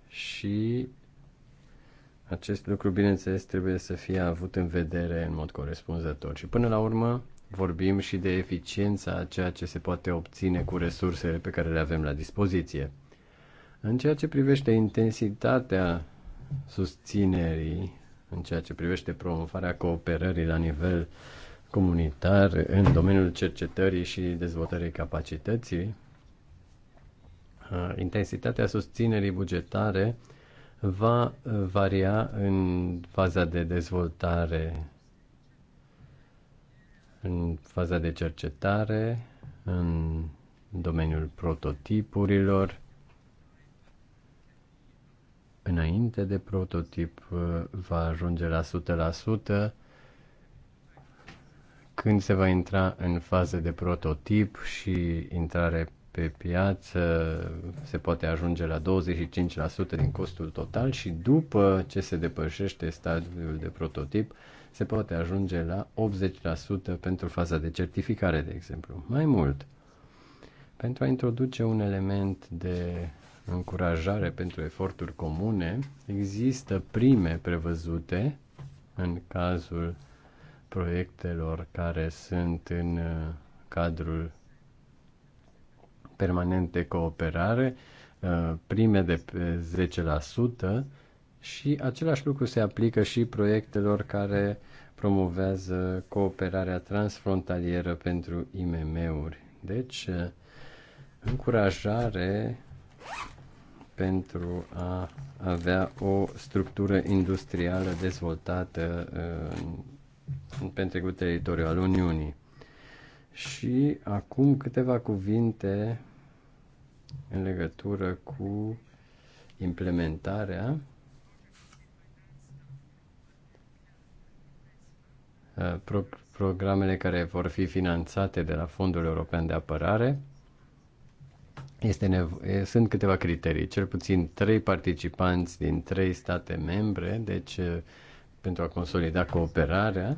și acest lucru, bineînțeles, trebuie să fie avut în vedere în mod corespunzător. Și până la urmă, vorbim și de eficiența a ceea ce se poate obține cu resursele pe care le avem la dispoziție. În ceea ce privește intensitatea susținerii în ceea ce privește promovarea cooperării la nivel comunitar în domeniul cercetării și dezvoltării capacității, uh, intensitatea susținerii bugetare va uh, varia în faza de dezvoltare, în faza de cercetare, în domeniul prototipurilor, înainte de prototip uh, va ajunge la 100% când se va intra în fază de prototip și intrare pe piață se poate ajunge la 25% din costul total și după ce se depășește stadiul de prototip se poate ajunge la 80% pentru faza de certificare, de exemplu. Mai mult, pentru a introduce un element de încurajare pentru eforturi comune, există prime prevăzute în cazul proiectelor care sunt în uh, cadrul permanent de cooperare, uh, prime de 10% și același lucru se aplică și proiectelor care promovează cooperarea transfrontalieră pentru IMM-uri. Deci, uh, încurajare pentru a avea o structură industrială dezvoltată în, uh, pe întregul teritoriu al Uniunii. Și acum câteva cuvinte în legătură cu implementarea uh, pro- programele care vor fi finanțate de la Fondul European de Apărare este nevo- sunt câteva criterii, cel puțin trei participanți din trei state membre, deci pentru a consolida cooperarea,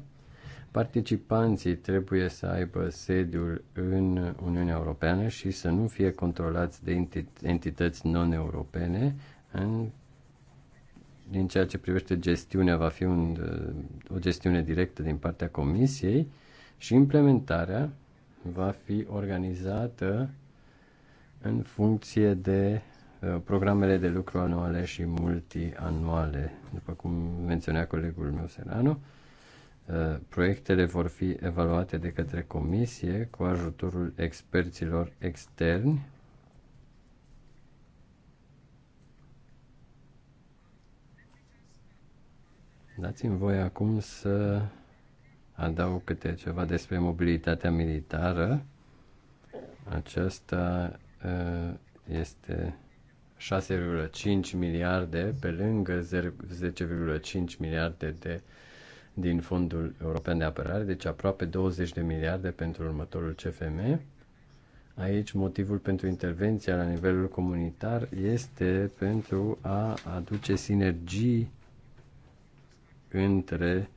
participanții trebuie să aibă sediul în Uniunea Europeană și să nu fie controlați de entități non-europene în din ceea ce privește gestiunea, va fi un, o gestiune directă din partea Comisiei și implementarea va fi organizată în funcție de uh, programele de lucru anuale și multianuale. După cum menționa colegul meu Serano, uh, proiectele vor fi evaluate de către comisie cu ajutorul experților externi Dați-mi voi acum să adaug câte ceva despre mobilitatea militară. Aceasta Uh, este 6,5 miliarde pe lângă 10,5 miliarde de din Fondul European de Apărare, deci aproape 20 de miliarde pentru următorul CFM. Aici motivul pentru intervenția la nivelul comunitar este pentru a aduce sinergii între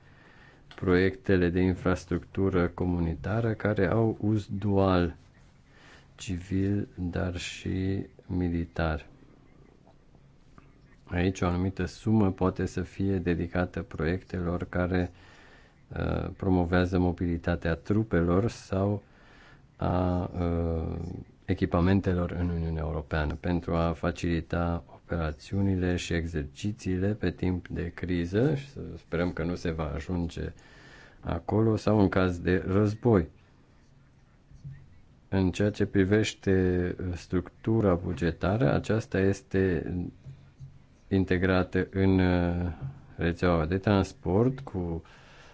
proiectele de infrastructură comunitară care au uz dual civil, dar și militar. Aici o anumită sumă poate să fie dedicată proiectelor care uh, promovează mobilitatea trupelor sau a uh, echipamentelor în Uniunea Europeană pentru a facilita operațiunile și exercițiile pe timp de criză și să sperăm că nu se va ajunge acolo sau în caz de război. În ceea ce privește uh, structura bugetară, aceasta este integrată în uh, rețeaua de transport cu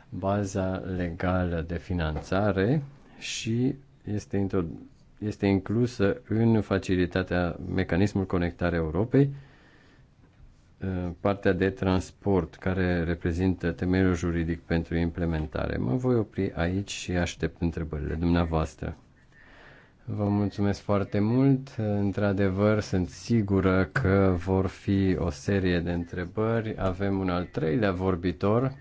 baza legală de finanțare și este, este inclusă în facilitatea mecanismul conectare Europei, uh, partea de transport care reprezintă temeiul juridic pentru implementare. Mă voi opri aici și aștept întrebările dumneavoastră. Vă mulțumesc foarte mult. Într-adevăr, sunt sigură că vor fi o serie de întrebări. Avem un al treilea vorbitor,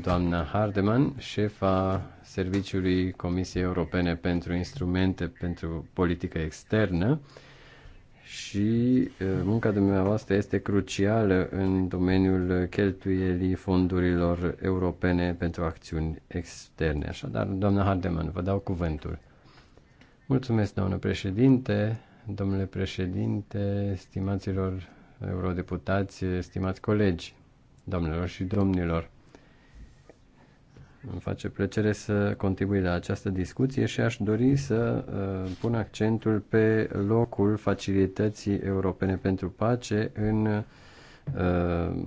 doamna Hardeman, șefa Serviciului Comisiei Europene pentru Instrumente pentru Politică Externă și munca dumneavoastră este crucială în domeniul cheltuielii fondurilor europene pentru acțiuni externe. Așadar, doamna Hardeman, vă dau cuvântul. Mulțumesc, doamnă președinte, domnule președinte, stimaților eurodeputați, stimați colegi, domnilor și domnilor. Îmi face plăcere să contribui la această discuție și aș dori să uh, pun accentul pe locul Facilității Europene pentru Pace în uh,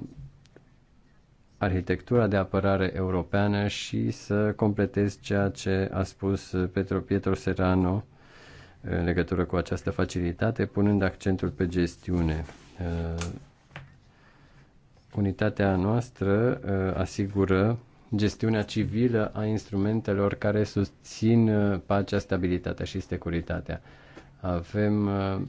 arhitectura de apărare europeană și să completez ceea ce a spus Petro Pietro Serrano în legătură cu această facilitate, punând accentul pe gestiune. Uh, unitatea noastră asigură gestiunea civilă a instrumentelor care susțin uh, pacea, stabilitatea și securitatea. Avem uh,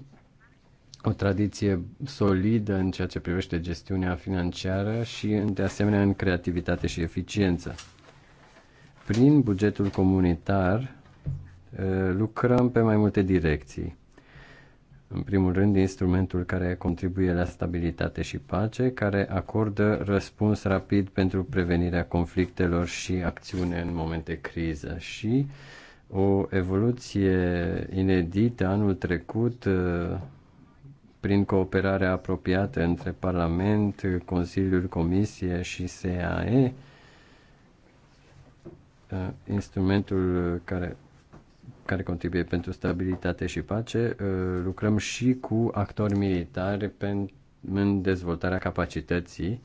o tradiție solidă în ceea ce privește gestiunea financiară și, de asemenea, în creativitate și eficiență. Prin bugetul comunitar uh, lucrăm pe mai multe direcții în primul rând, instrumentul care contribuie la stabilitate și pace, care acordă răspuns rapid pentru prevenirea conflictelor și acțiune în momente criză și o evoluție inedită anul trecut uh, prin cooperarea apropiată între Parlament, Consiliul, Comisie și SAE, uh, instrumentul care care contribuie pentru stabilitate și pace. Uh, lucrăm și cu actori militari în dezvoltarea capacității,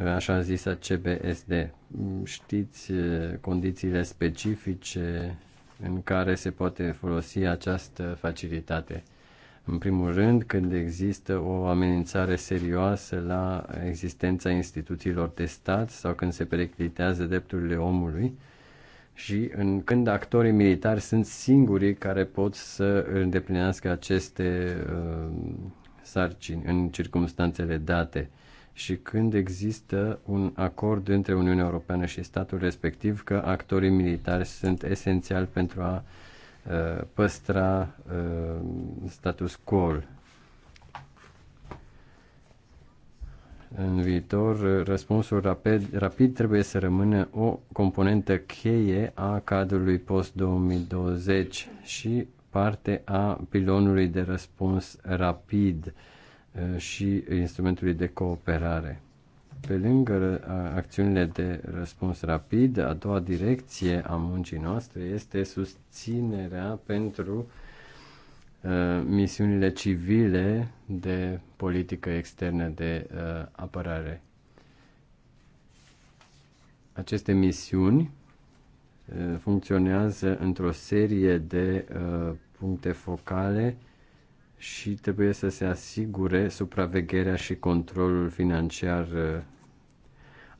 uh, așa zisă CBSD. Mm, știți uh, condițiile specifice în care se poate folosi această facilitate. În primul rând, când există o amenințare serioasă la existența instituțiilor de stat sau când se periclitează drepturile omului, și în, când actorii militari sunt singurii care pot să îndeplinească aceste uh, sarcini în circumstanțele date și când există un acord între Uniunea Europeană și statul respectiv că actorii militari sunt esențiali pentru a uh, păstra uh, status quo În viitor, răspunsul rapid, rapid trebuie să rămână o componentă cheie a cadrului post-2020 și parte a pilonului de răspuns rapid uh, și instrumentului de cooperare. Pe lângă uh, acțiunile de răspuns rapid, a doua direcție a muncii noastre este susținerea pentru uh, Uh, misiunile civile de politică externă de uh, apărare. Aceste misiuni uh, funcționează într-o serie de puncte focale și trebuie să se asigure supravegherea și controlul financiar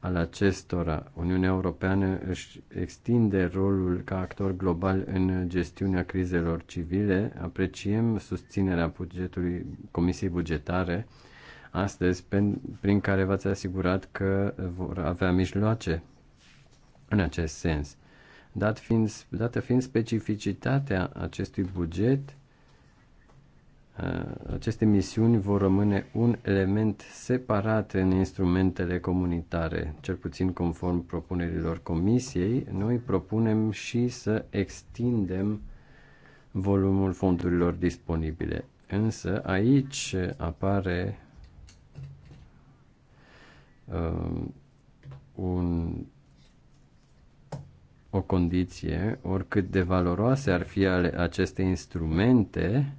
al acestora. Uniunea Europeană își extinde rolul ca actor global în gestiunea crizelor civile. Apreciem susținerea bugetului Comisiei Bugetare astăzi, prin care v-ați asigurat că vor avea mijloace în acest sens. Dat fiind, dată fiind specificitatea acestui buget, Eh, aceste misiuni vor rămâne un element separat în instrumentele comunitare, cel puțin conform propunerilor Comisiei. Noi propunem și să extindem volumul fondurilor disponibile. Însă aici apare um, un, o condiție, oricât de valoroase ar fi ale aceste instrumente,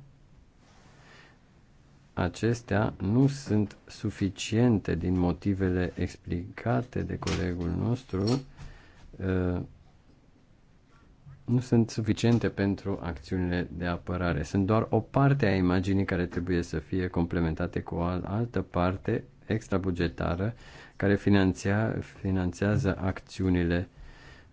acestea nu sunt suficiente din motivele explicate de colegul nostru, uh, nu sunt suficiente pentru acțiunile de apărare. Sunt doar o parte a imaginii care trebuie să fie complementate cu o altă parte extrabugetară care finanțea, finanțează acțiunile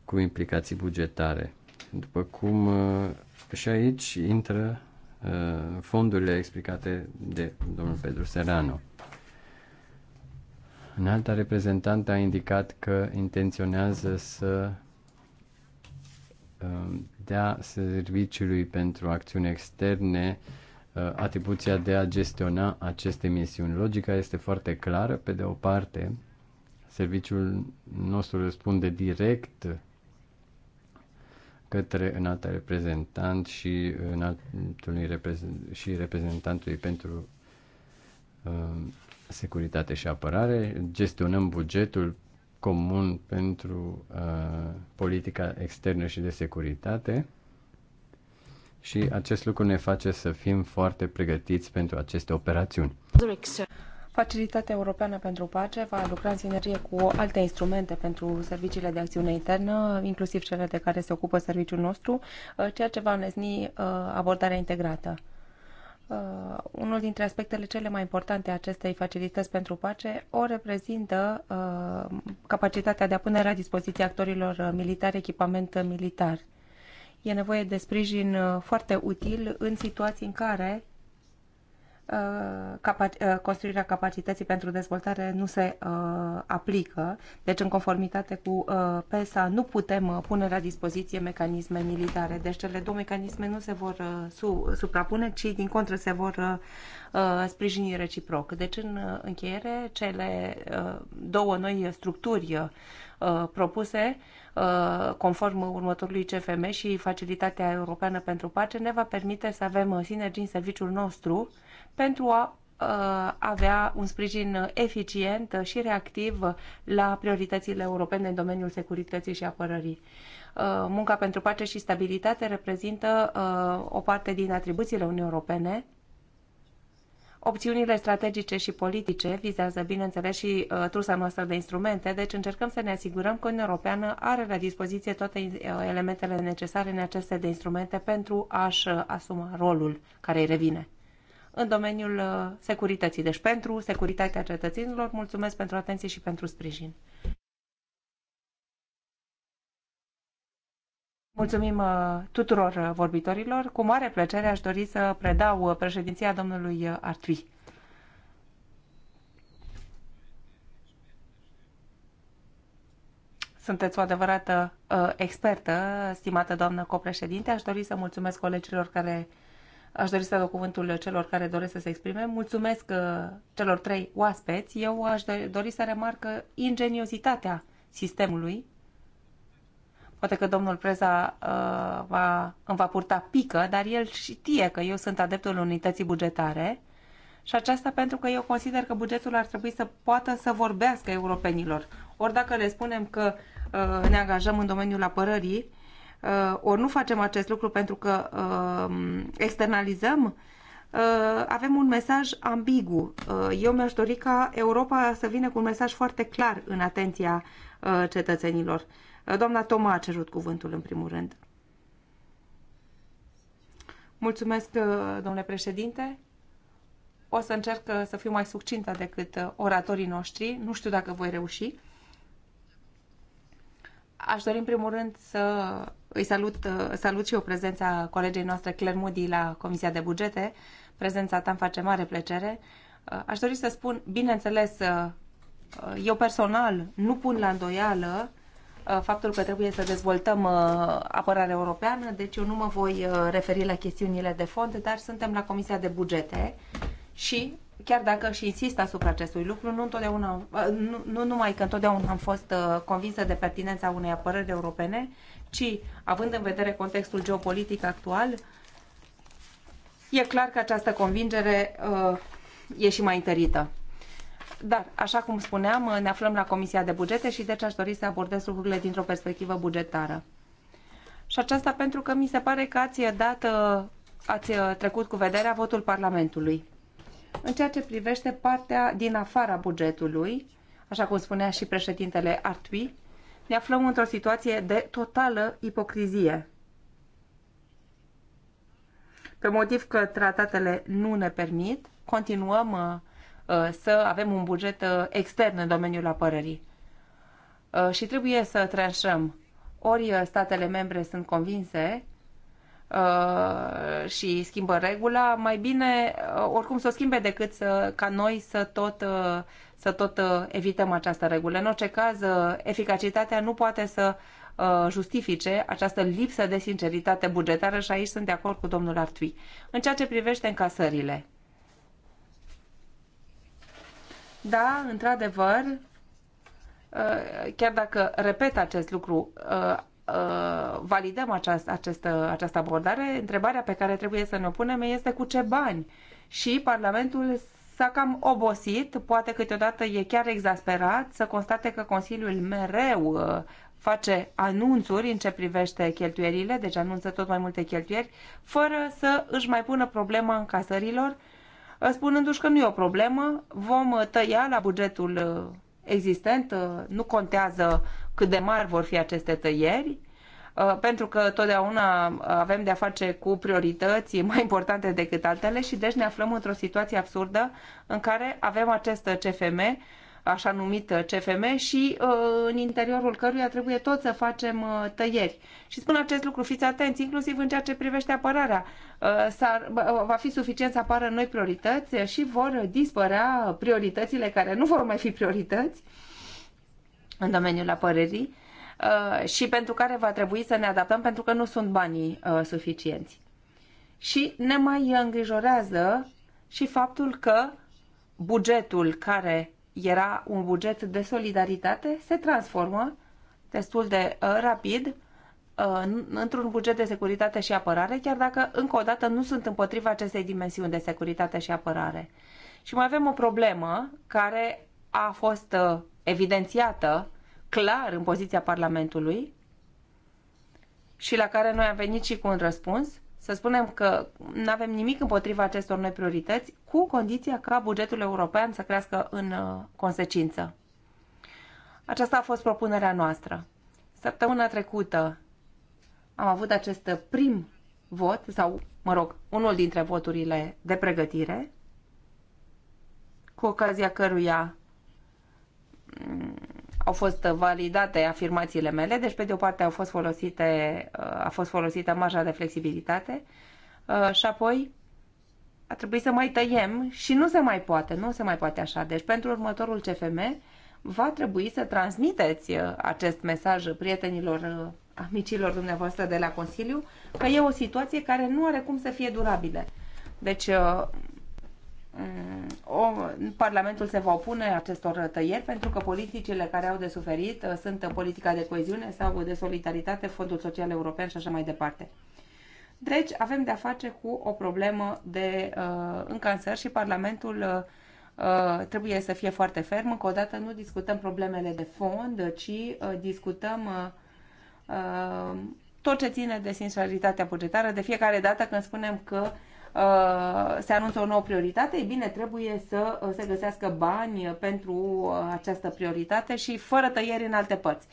cu implicații bugetare. După cum uh, și aici intră Uh, fondurile explicate de domnul Pedro Serrano. alta reprezentantă a indicat că intenționează să uh, dea serviciului pentru acțiuni externe uh, atribuția de a gestiona aceste misiuni. Logica este foarte clară. Pe de o parte, serviciul nostru răspunde direct către alta reprezentant și, înaltului reprezent, și reprezentantului pentru uh, securitate și apărare. Gestionăm bugetul comun pentru uh, politica externă și de securitate și acest lucru ne face să fim foarte pregătiți pentru aceste operațiuni. Facilitatea Europeană pentru Pace va lucra în sinergie cu alte instrumente pentru serviciile de acțiune internă, inclusiv cele de care se ocupă serviciul nostru, uh, ceea ce va înlesni uh, abordarea integrată. Uh, unul dintre aspectele cele mai importante a acestei facilități pentru pace o reprezintă uh, capacitatea de a pune la dispoziție actorilor uh, militari echipament militar. E nevoie de sprijin uh, foarte util în situații în care Uh, uh, construirea capacității pentru dezvoltare nu se uh, aplică. Deci, în conformitate cu PESA, nu putem pune la dispoziție mecanisme militare. Deci, cele două mecanisme nu se vor suprapune, ci, din contră, se vor sprijini reciproc. Deci, în încheiere, cele două noi structuri propuse conform următorului CFM și Facilitatea Europeană pentru Pace ne va permite să avem sinergii în serviciul nostru pentru a uh, avea un sprijin eficient și reactiv la prioritățile europene în domeniul securității și apărării. Uh, munca pentru pace și stabilitate reprezintă uh, o parte din atribuțiile Uniunii Europene. Opțiunile strategice și politice vizează, bineînțeles, și trusa noastră de instrumente, deci încercăm să ne asigurăm că Uniunea Europeană are la dispoziție toate elementele necesare în aceste de instrumente pentru a-și asuma rolul care îi revine în domeniul uh, securității. Deci pentru securitatea cetățenilor, mulțumesc pentru atenție și pentru sprijin. Mulțumim uh, tuturor uh, vorbitorilor. Cu mare plăcere aș dori să predau președinția domnului Artui. Sunteți o adevărată uh, expertă, stimată doamnă copreședinte. Aș dori să mulțumesc colegilor care Aș dori să dau cuvântul celor care doresc să se exprime. Mulțumesc uh, celor trei oaspeți. Eu aș dori să remarc ingeniozitatea sistemului. Poate că domnul Preza uh, va, îmi va purta pică, dar el știe că eu sunt adeptul unității bugetare și aceasta pentru că eu consider că bugetul ar trebui să poată să vorbească europenilor. Ori dacă le spunem că uh, ne angajăm în domeniul apărării, uh, Uh, ori nu facem acest lucru pentru că uh, externalizăm, uh, avem un mesaj ambigu. Eu mi-aș dori ca Europa să vină cu un mesaj foarte clar în atenția cetățenilor. Doamna Toma a cerut cuvântul în primul rând. Mulțumesc, domnule președinte. O să încerc să fiu mai succintă decât oratorii noștri. Nu știu dacă voi reuși. Aș dori în primul rând să îi salut, salut și eu prezența colegei noastre Claire Moody la Comisia de Bugete. Prezența ta îmi face mare plăcere. Aș dori să spun, bineînțeles, eu personal nu pun la îndoială uh, faptul că trebuie să dezvoltăm uh, apărarea europeană, deci eu nu mă voi uh, referi la chestiunile de fond, dar suntem la Comisia de Bugete și chiar dacă și insist asupra acestui lucru, nu, întotdeauna, uh, nu, nu numai că întotdeauna am fost uh, convinsă de pertinența unei apărări europene, ci, având în vedere contextul geopolitic actual, e clar că această convingere uh, e și mai întărită. Dar, așa cum spuneam, uh, ne aflăm la Comisia de Bugete și deci aș dori să abordez lucrurile dintr-o perspectivă bugetară. Și aceasta pentru că mi se pare că ați dat, ați trecut cu vederea votul Parlamentului în ceea ce privește partea din afara bugetului, așa cum spunea și președintele Artui, ne aflăm într-o situație de totală ipocrizie. Pe motiv că tratatele nu ne permit, continuăm uh, uh să avem un buget uh, extern în domeniul apărării. Uh, și trebuie să tranșăm. Ori uh, statele membre sunt convinse Uh, și schimbă regula, mai bine uh, oricum să o schimbe decât să, ca noi să tot, uh, să tot evităm această regulă. În orice caz, eficacitatea nu poate să justifice această lipsă de sinceritate bugetară și aici sunt de acord cu domnul Artui. În ceea ce privește încasările, da, într-adevăr, chiar dacă repet acest lucru, Uh, validăm aceast, această, această abordare, întrebarea pe care trebuie să ne punem este cu ce bani. Și Parlamentul s-a cam obosit, poate câteodată e chiar exasperat să constate că Consiliul mereu uh, face anunțuri în ce privește cheltuierile, deci anunță tot mai multe cheltuieri, fără să își mai pună problema încasărilor, uh, spunându-și că nu e o problemă, vom tăia la bugetul existent, nu contează cât de mari vor fi aceste tăieri, uh, pentru că totdeauna uh, avem de-a face cu priorități mai importante decât altele și deci ne aflăm într-o situație absurdă în care avem acest CFM, așa numit CFM, și uh, în interiorul căruia trebuie tot să facem tăieri. Și spun acest lucru, fiți atenți, inclusiv în ceea ce privește apărarea. Va fi suficient să apară noi priorități și vor dispărea prioritățile care nu vor mai fi priorități în domeniul apărării uh, și pentru care va trebui să ne adaptăm pentru că nu sunt banii uh, suficienți. Și ne mai îngrijorează și faptul că bugetul care era un buget de solidaritate se transformă destul de uh, rapid într-un buget de securitate și apărare, chiar dacă încă o dată nu sunt împotriva acestei dimensiuni de securitate și apărare. Și mai avem o problemă care a fost evidențiată clar în poziția Parlamentului și la care noi am venit și cu un răspuns, să spunem că nu avem nimic împotriva acestor noi priorități, cu condiția ca bugetul european să crească în uh, consecință. Aceasta a fost propunerea noastră. Săptămâna trecută am avut acest prim vot, sau, mă rog, unul dintre voturile de pregătire, cu ocazia căruia au fost validate afirmațiile mele, deci pe de o parte au fost folosite, uh, a fost folosită marja de flexibilitate uh, și apoi a trebuit să mai tăiem și nu se mai poate, nu se mai poate așa. Deci pentru următorul CFM va trebui să transmiteți uh, acest mesaj prietenilor, amicilor dumneavoastră de la Consiliu, că e o situație care nu are cum să fie durabilă. Deci o, Parlamentul se va opune acestor tăieri pentru că politicile care au de suferit uh, sunt politica de coeziune sau de solidaritate, Fondul Social European și așa mai departe. Deci avem de-a face cu o problemă de uh, încansări și Parlamentul uh, uh trebuie să fie foarte ferm. Încă o dată nu discutăm problemele de fond, ci uh, discutăm uh, uh tot ce ține de sinceritatea bugetară. De fiecare dată când spunem că uh, Uh, se anunță o nouă prioritate, e bine, trebuie să uh, se găsească bani pentru uh, această prioritate și fără tăieri în alte părți.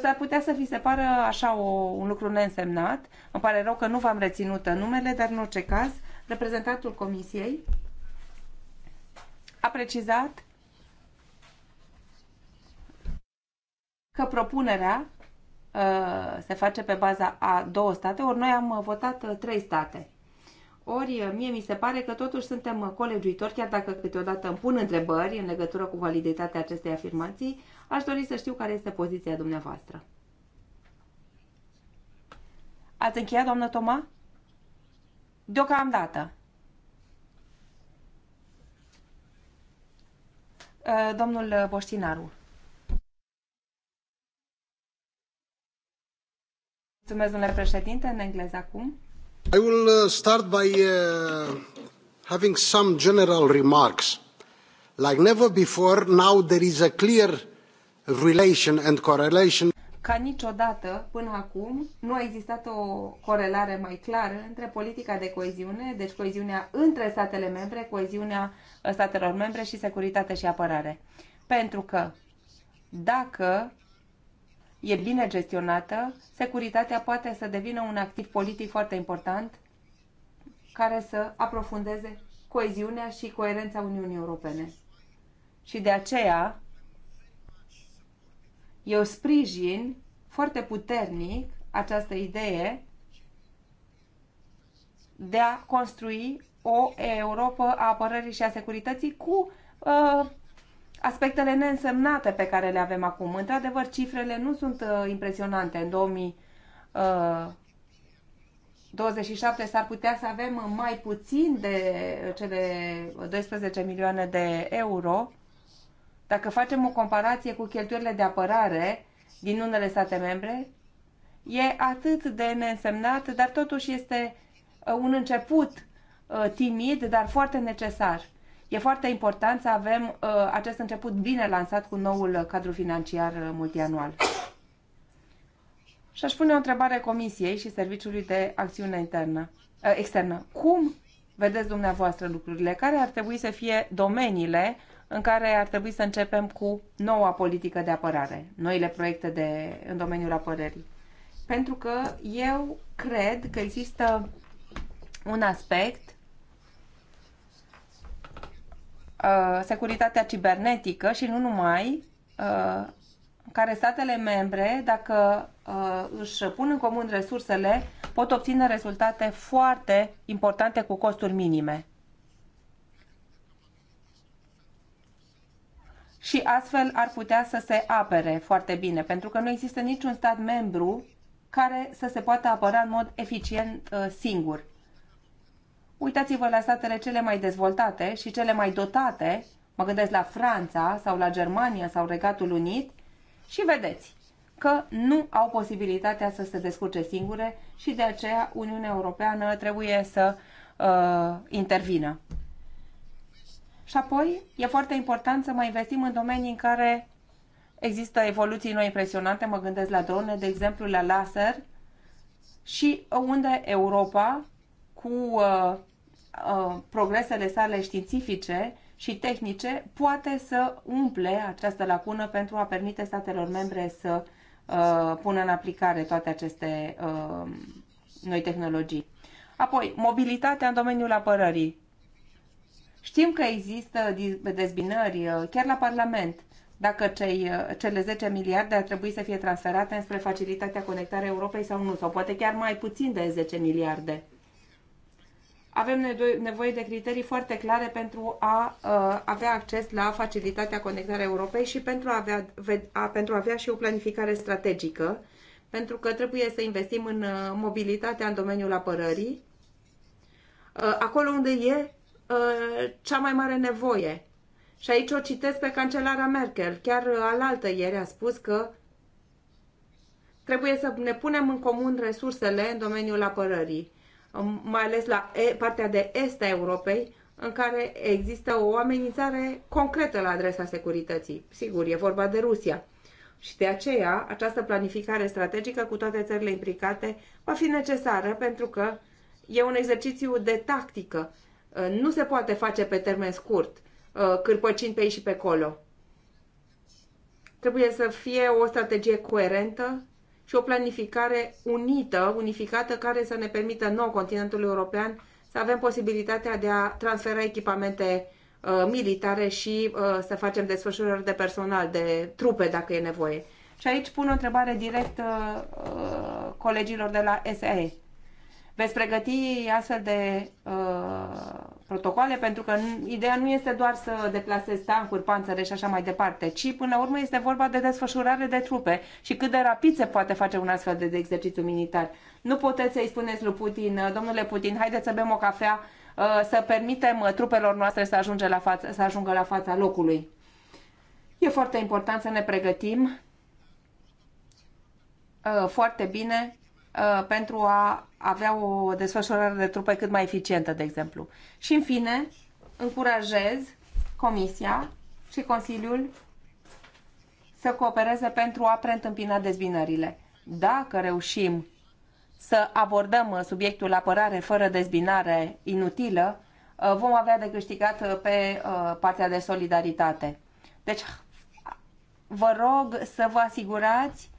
S-ar putea să vi se pară așa o, un lucru neînsemnat. Îmi pare rău că nu v-am reținut numele, dar în orice caz, reprezentantul Comisiei a precizat că propunerea uh, se face pe baza a două state, ori noi am votat trei state. Ori, uh, mie mi se pare că totuși suntem uh, colegiuitori, chiar dacă câteodată îmi pun întrebări în legătură cu validitatea acestei afirmații, aș dori să știu care este poziția dumneavoastră. Ați încheiat, doamnă Toma? Deocamdată. Uh, domnul Boștinaru. Mulțumesc, domnule președinte, în engleză acum. I will uh, start by uh, having some general remarks. Like never before, now there is a clear relation and correlation. Ca niciodată, până acum, nu a existat o corelare mai clară între politica de coeziune, deci coeziunea între statele membre, coeziunea uh, statelor membre și securitate și apărare. Pentru că dacă e bine gestionată, securitatea poate să devină un activ politic foarte important care să aprofundeze coeziunea și coerența Uniunii Europene. Și de aceea eu sprijin foarte puternic această idee de a construi o Europa a apărării și a securității cu uh, aspectele neînsemnate pe care le avem acum. Într-adevăr, cifrele nu sunt uh, impresionante. În 2027 uh, s-ar putea să avem mai puțin de cele 12 milioane de euro. Dacă facem o comparație cu cheltuielile de apărare din unele state membre, e atât de neînsemnat, dar totuși este uh, un început timid, dar foarte necesar. E foarte important să avem uh, acest început bine lansat cu noul uh, cadru financiar uh, multianual. Și aș pune o întrebare Comisiei și Serviciului de Acțiune internă, uh, Externă. Cum vedeți dumneavoastră lucrurile? Care ar trebui să fie domeniile în care ar trebui să începem cu noua politică de apărare, noile proiecte de, în domeniul apărării? Pentru că eu cred că există un aspect Uh, securitatea cibernetică și nu numai, uh, care statele membre, dacă uh, își pun în comun resursele, pot obține rezultate foarte importante cu costuri minime. și astfel ar putea să se apere foarte bine, pentru că nu există niciun stat membru care să se poată apăra în mod eficient singur. Uitați-vă la statele cele mai dezvoltate și cele mai dotate, mă gândesc la Franța sau la Germania sau Regatul Unit, și vedeți că nu au posibilitatea să se descurce singure și de aceea Uniunea Europeană trebuie să uh, intervină. Și apoi e foarte important să mai investim în domenii în care există evoluții noi impresionante, mă gândesc la drone, de exemplu la laser, și uh, unde Europa cu uh, uh, progresele sale științifice și tehnice poate să umple această lacună pentru a permite statelor membre să uh, pună în aplicare toate aceste uh, noi tehnologii. Apoi, mobilitatea în domeniul apărării. Știm că există dezbinări uh, chiar la Parlament dacă cei, uh, cele 10 miliarde ar trebui să fie transferate înspre facilitatea conectarea Europei sau nu, sau poate chiar mai puțin de 10 miliarde avem nevoie de criterii foarte clare pentru a uh, avea acces la facilitatea conectarea Europei și pentru a avea, a, pentru a avea și o planificare strategică, pentru că trebuie să investim în uh, mobilitatea în domeniul apărării, uh, acolo unde e cea mai mare nevoie. Și aici o citesc pe cancelara Merkel. Chiar alaltă ieri a spus că trebuie să ne punem în comun resursele în domeniul apărării Um, mai ales la partea de est a Europei, în care există o amenințare concretă la adresa securității. Sigur, e vorba de Rusia. Și de aceea, această planificare strategică cu toate țările implicate va fi necesară pentru că e un exercițiu de tactică. Uh, nu se poate face pe termen scurt, uh, cârpăcind pe aici și pe colo. Trebuie să fie o strategie coerentă și o planificare unită, unificată, care să ne permită nouă continentului european să avem posibilitatea de a transfera echipamente uh, militare și uh, să facem desfășurări de personal, de trupe, dacă e nevoie. Și aici pun o întrebare direct uh, uh colegilor de la SAE. Veți pregăti astfel de uh, protocoale, pentru că ideea nu este doar să deplasezi tancuri, panțăre și așa mai departe, ci până la urmă este vorba de desfășurare de trupe și cât de rapid se poate face un astfel de, de exercițiu militar. Nu puteți să-i spuneți lui Putin, domnule Putin, haideți să bem o cafea, uh, să permitem uh, trupelor noastre să, ajunge la față, să ajungă la fața locului. E foarte important să ne pregătim uh, foarte bine Uh, pentru a avea o desfășurare de trupe cât mai eficientă, de exemplu. Și, în fine, încurajez Comisia și Consiliul să coopereze pentru a preîntâmpina dezbinările. Dacă reușim să abordăm uh, subiectul apărare fără dezbinare inutilă, uh, vom avea de câștigat pe partea de solidaritate. Deci, vă rog să vă asigurați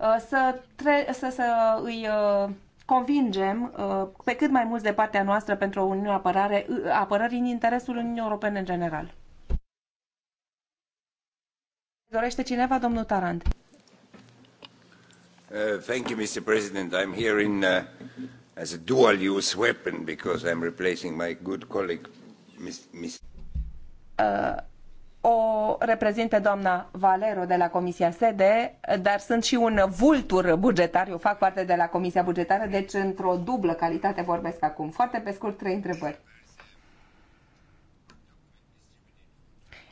Uh, să, tre- să, să îi uh, convingem uh, pe cât mai mulți de partea noastră pentru o Uniune apărare, apărării în interesul Uniunii Europene în general. Dorește cineva, domnul Tarand? Uh, thank you, Mr. President. I'm here in, uh, as a dual-use weapon because I'm replacing my good colleague, Ms. Uh, o reprezintă doamna Valero de la Comisia Sede, dar sunt și un vultur bugetar, eu fac parte de la Comisia Bugetară, deci într-o dublă calitate vorbesc acum. Foarte pe scurt, trei întrebări.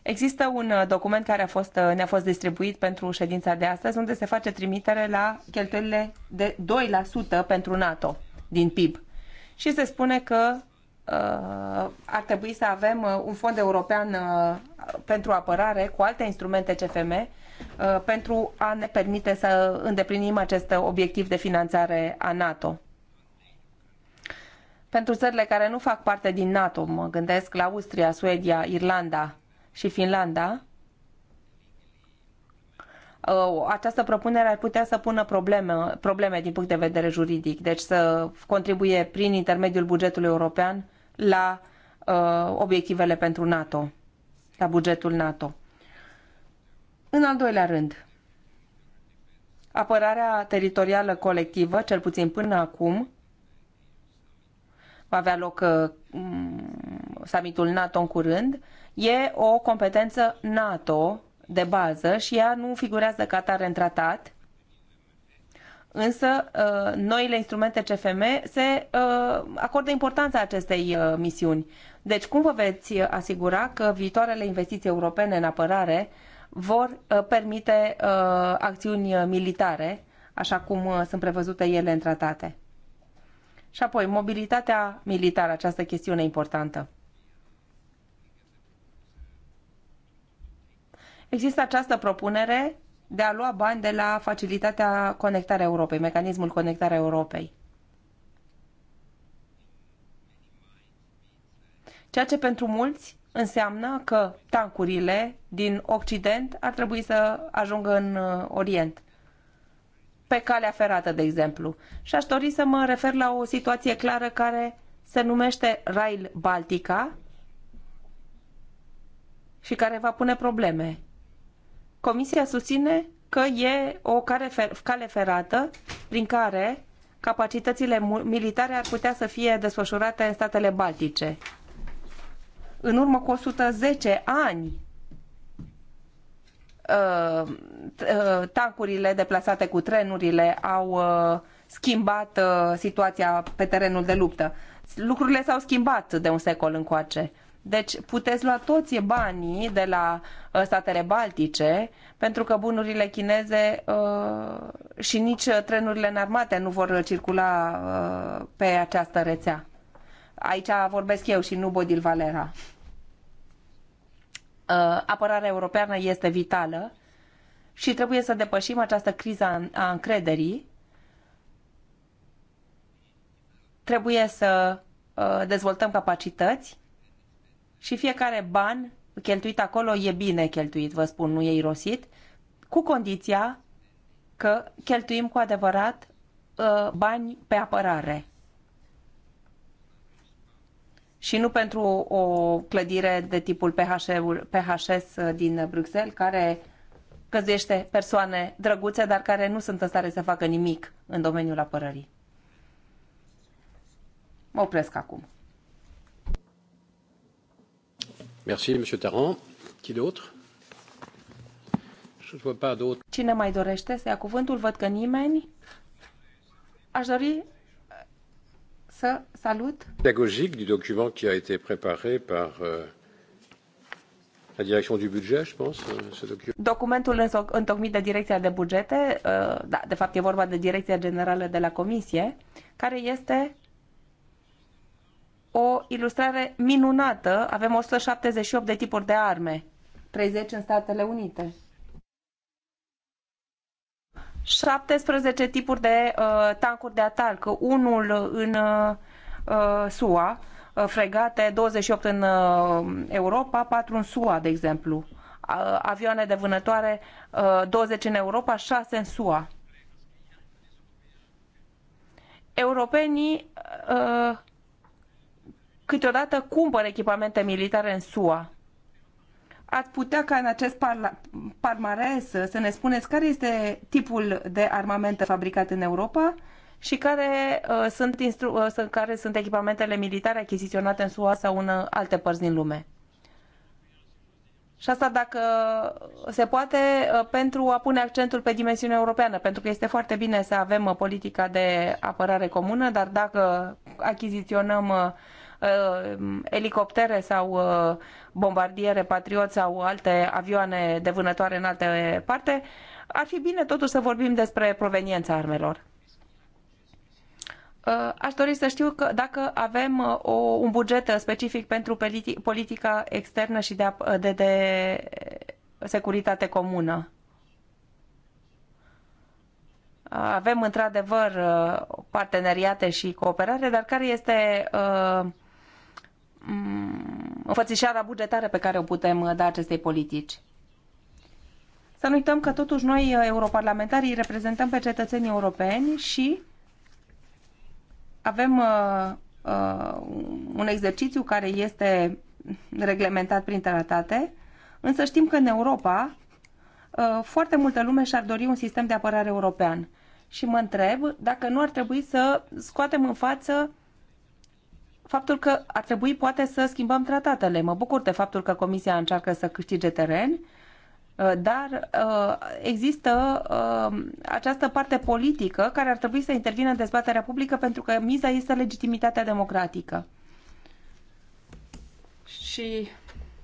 Există un document care a fost, ne-a fost distribuit pentru ședința de astăzi, unde se face trimitere la cheltuielile de 2% pentru NATO din PIB. Și se spune că Uh, ar trebui să avem uh, un fond european uh, pentru apărare cu alte instrumente CFM pentru a ne permite să îndeplinim acest obiectiv de finanțare a NATO. Pentru țările care nu fac parte din NATO, mă gândesc la Austria, Suedia, Irlanda și Finlanda, această propunere ar putea să pună probleme, probleme din punct de vedere juridic, deci să contribuie prin intermediul bugetului european la uh, obiectivele pentru NATO, la bugetul NATO. În al doilea rând, apărarea teritorială colectivă, cel puțin până acum, va avea loc uh, summitul NATO în curând, e o competență NATO de bază și ea nu figurează ca tare în tratat, Însă, uh, noile instrumente CFM se uh, acordă importanța acestei uh, misiuni. Deci, cum vă veți asigura că viitoarele investiții europene în apărare vor permite acțiuni militare, așa cum sunt prevăzute ele în tratate? Și apoi, mobilitatea militară, această chestiune importantă. Există această propunere de a lua bani de la facilitatea conectarea Europei, mecanismul conectarea Europei. Ceea ce pentru mulți înseamnă că tancurile din Occident ar trebui să ajungă în uh, Orient pe calea ferată, de exemplu. Și aș dori să mă refer la o situație clară care se numește Rail Baltica și care va pune probleme Comisia susține că e o cale ferată prin care capacitățile militare ar putea să fie desfășurate în statele baltice. În urmă cu 110 ani, ă, ă, tancurile deplasate cu trenurile au ă, schimbat situația pe terenul de luptă. Lucrurile s-au schimbat de un secol încoace. Deci puteți lua toți banii de la uh, statele baltice, pentru că bunurile chineze uh, și nici uh, trenurile înarmate nu vor uh, circula uh, pe această rețea. Aici vorbesc eu și nu Bodil Valera. Uh, apărarea europeană este vitală și trebuie să depășim această criză a încrederii. Trebuie să dezvoltăm capacități și fiecare ban cheltuit acolo e bine cheltuit, vă spun, nu e irosit, cu condiția că cheltuim cu adevărat uh, bani pe apărare. Și nu pentru o clădire de tipul PHS uh, din Bruxelles, care găzduiește persoane drăguțe, dar care nu sunt în stare să facă nimic în domeniul apărării. Mă opresc acum. Merci, M. Tarand. Qui d'autre? Je ne vois pas d'autre. Cine mai dorește să ia cuvântul? Văd că nimeni. Aș dori uh, să salut. Pédagogique du document qui a été préparé par euh, la direction du budget, je pense, euh, ce document. Documentul întocmit de Direcția de Bugete, uh, da, de fapt e vorba de Direcția Generală de la Comisie, care este o ilustrare minunată. Avem 178 de tipuri de arme, 30 în Statele Unite. 17 tipuri de uh, tancuri de atac, unul în uh, uh SUA, uh, fregate 28 în uh, Europa, 4 în SUA, de exemplu. Uh, avioane de vânătoare uh, 20 în Europa, 6 în SUA. Europenii uh, câteodată cumpăr echipamente militare în SUA. Ați putea ca în acest palmares să ne spuneți care este tipul de armament fabricat în Europa și care, uh, sunt, uh, care sunt echipamentele militare achiziționate în SUA sau în alte părți din lume. Și asta dacă se poate uh, pentru a pune accentul pe dimensiunea europeană, pentru că este foarte bine să avem uh, politica de apărare comună, dar dacă achiziționăm uh, Uh, elicoptere sau uh, bombardiere Patriot sau alte avioane de vânătoare în alte parte, ar fi bine totuși să vorbim despre proveniența armelor. Uh, aș dori să știu că dacă avem o, un buget specific pentru politi politica externă și de, de, de securitate comună. Avem într-adevăr parteneriate și cooperare, dar care este uh, Mm, înfățișarea bugetară pe care o putem uh, da acestei politici. Să nu uităm că totuși noi, uh, europarlamentarii, reprezentăm pe cetățenii europeni și avem uh, uh, un exercițiu care este reglementat prin tratate, însă știm că în Europa uh, foarte multă lume și-ar dori un sistem de apărare european. Și mă întreb dacă nu ar trebui să scoatem în față faptul că ar trebui poate să schimbăm tratatele. Mă bucur de faptul că Comisia încearcă să câștige teren, uh, dar uh, există uh, această parte politică care ar trebui să intervină în dezbaterea publică pentru că miza este legitimitatea democratică. Și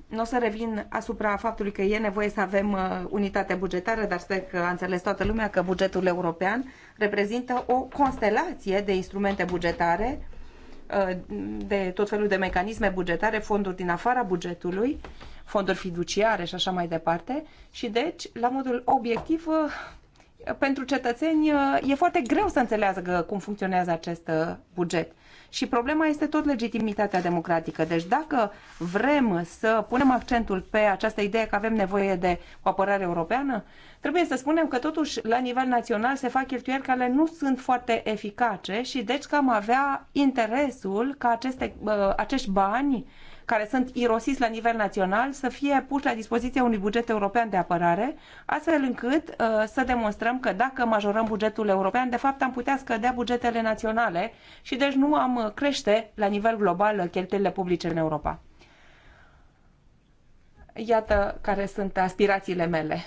nu o să revin asupra faptului că e nevoie să avem unitate bugetară, dar sper că a înțeles toată lumea că bugetul european reprezintă o constelație de instrumente bugetare Uh, de tot felul de mecanisme bugetare, fonduri din afara bugetului, fonduri fiduciare și așa mai departe. Și deci, la modul obiectiv, uh, pentru cetățeni uh, e foarte greu să înțeleagă cum funcționează acest buget. Și problema este tot legitimitatea democratică. Deci dacă vrem să punem accentul pe această idee că avem nevoie de o apărare europeană, trebuie să spunem că totuși la nivel național se fac cheltuieli care nu sunt foarte eficace și deci că am avea interesul ca aceste, uh, acești bani care sunt irosiți la nivel național să fie puși la dispoziția unui buget european de apărare, astfel încât uh, să demonstrăm că dacă majorăm bugetul european, de fapt am putea scădea bugetele naționale și deci nu am uh, crește la nivel global cheltuielile publice în Europa. Iată care sunt aspirațiile mele.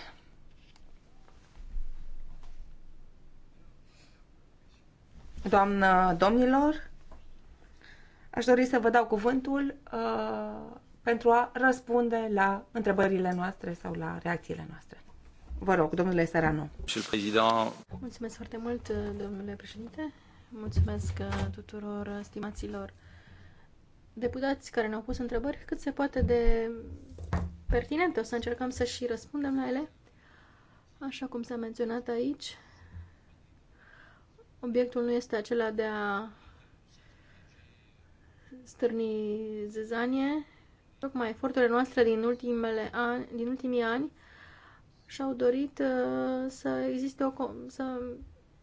Doamnă, domnilor, Aș dori să vă dau cuvântul uh, pentru a răspunde la întrebările noastre sau la reacțiile noastre. Vă rog, domnule Serano. Mulțumesc foarte mult, domnule președinte. Mulțumesc uh, tuturor uh, stimaților deputați care ne-au pus întrebări cât se poate de pertinente. O să încercăm să și răspundem la ele. Așa cum s-a menționat aici, obiectul nu este acela de a stârni zezanie. Tocmai eforturile noastre din, ultimele ani, din ultimii ani și-au dorit uh, să existe o, să,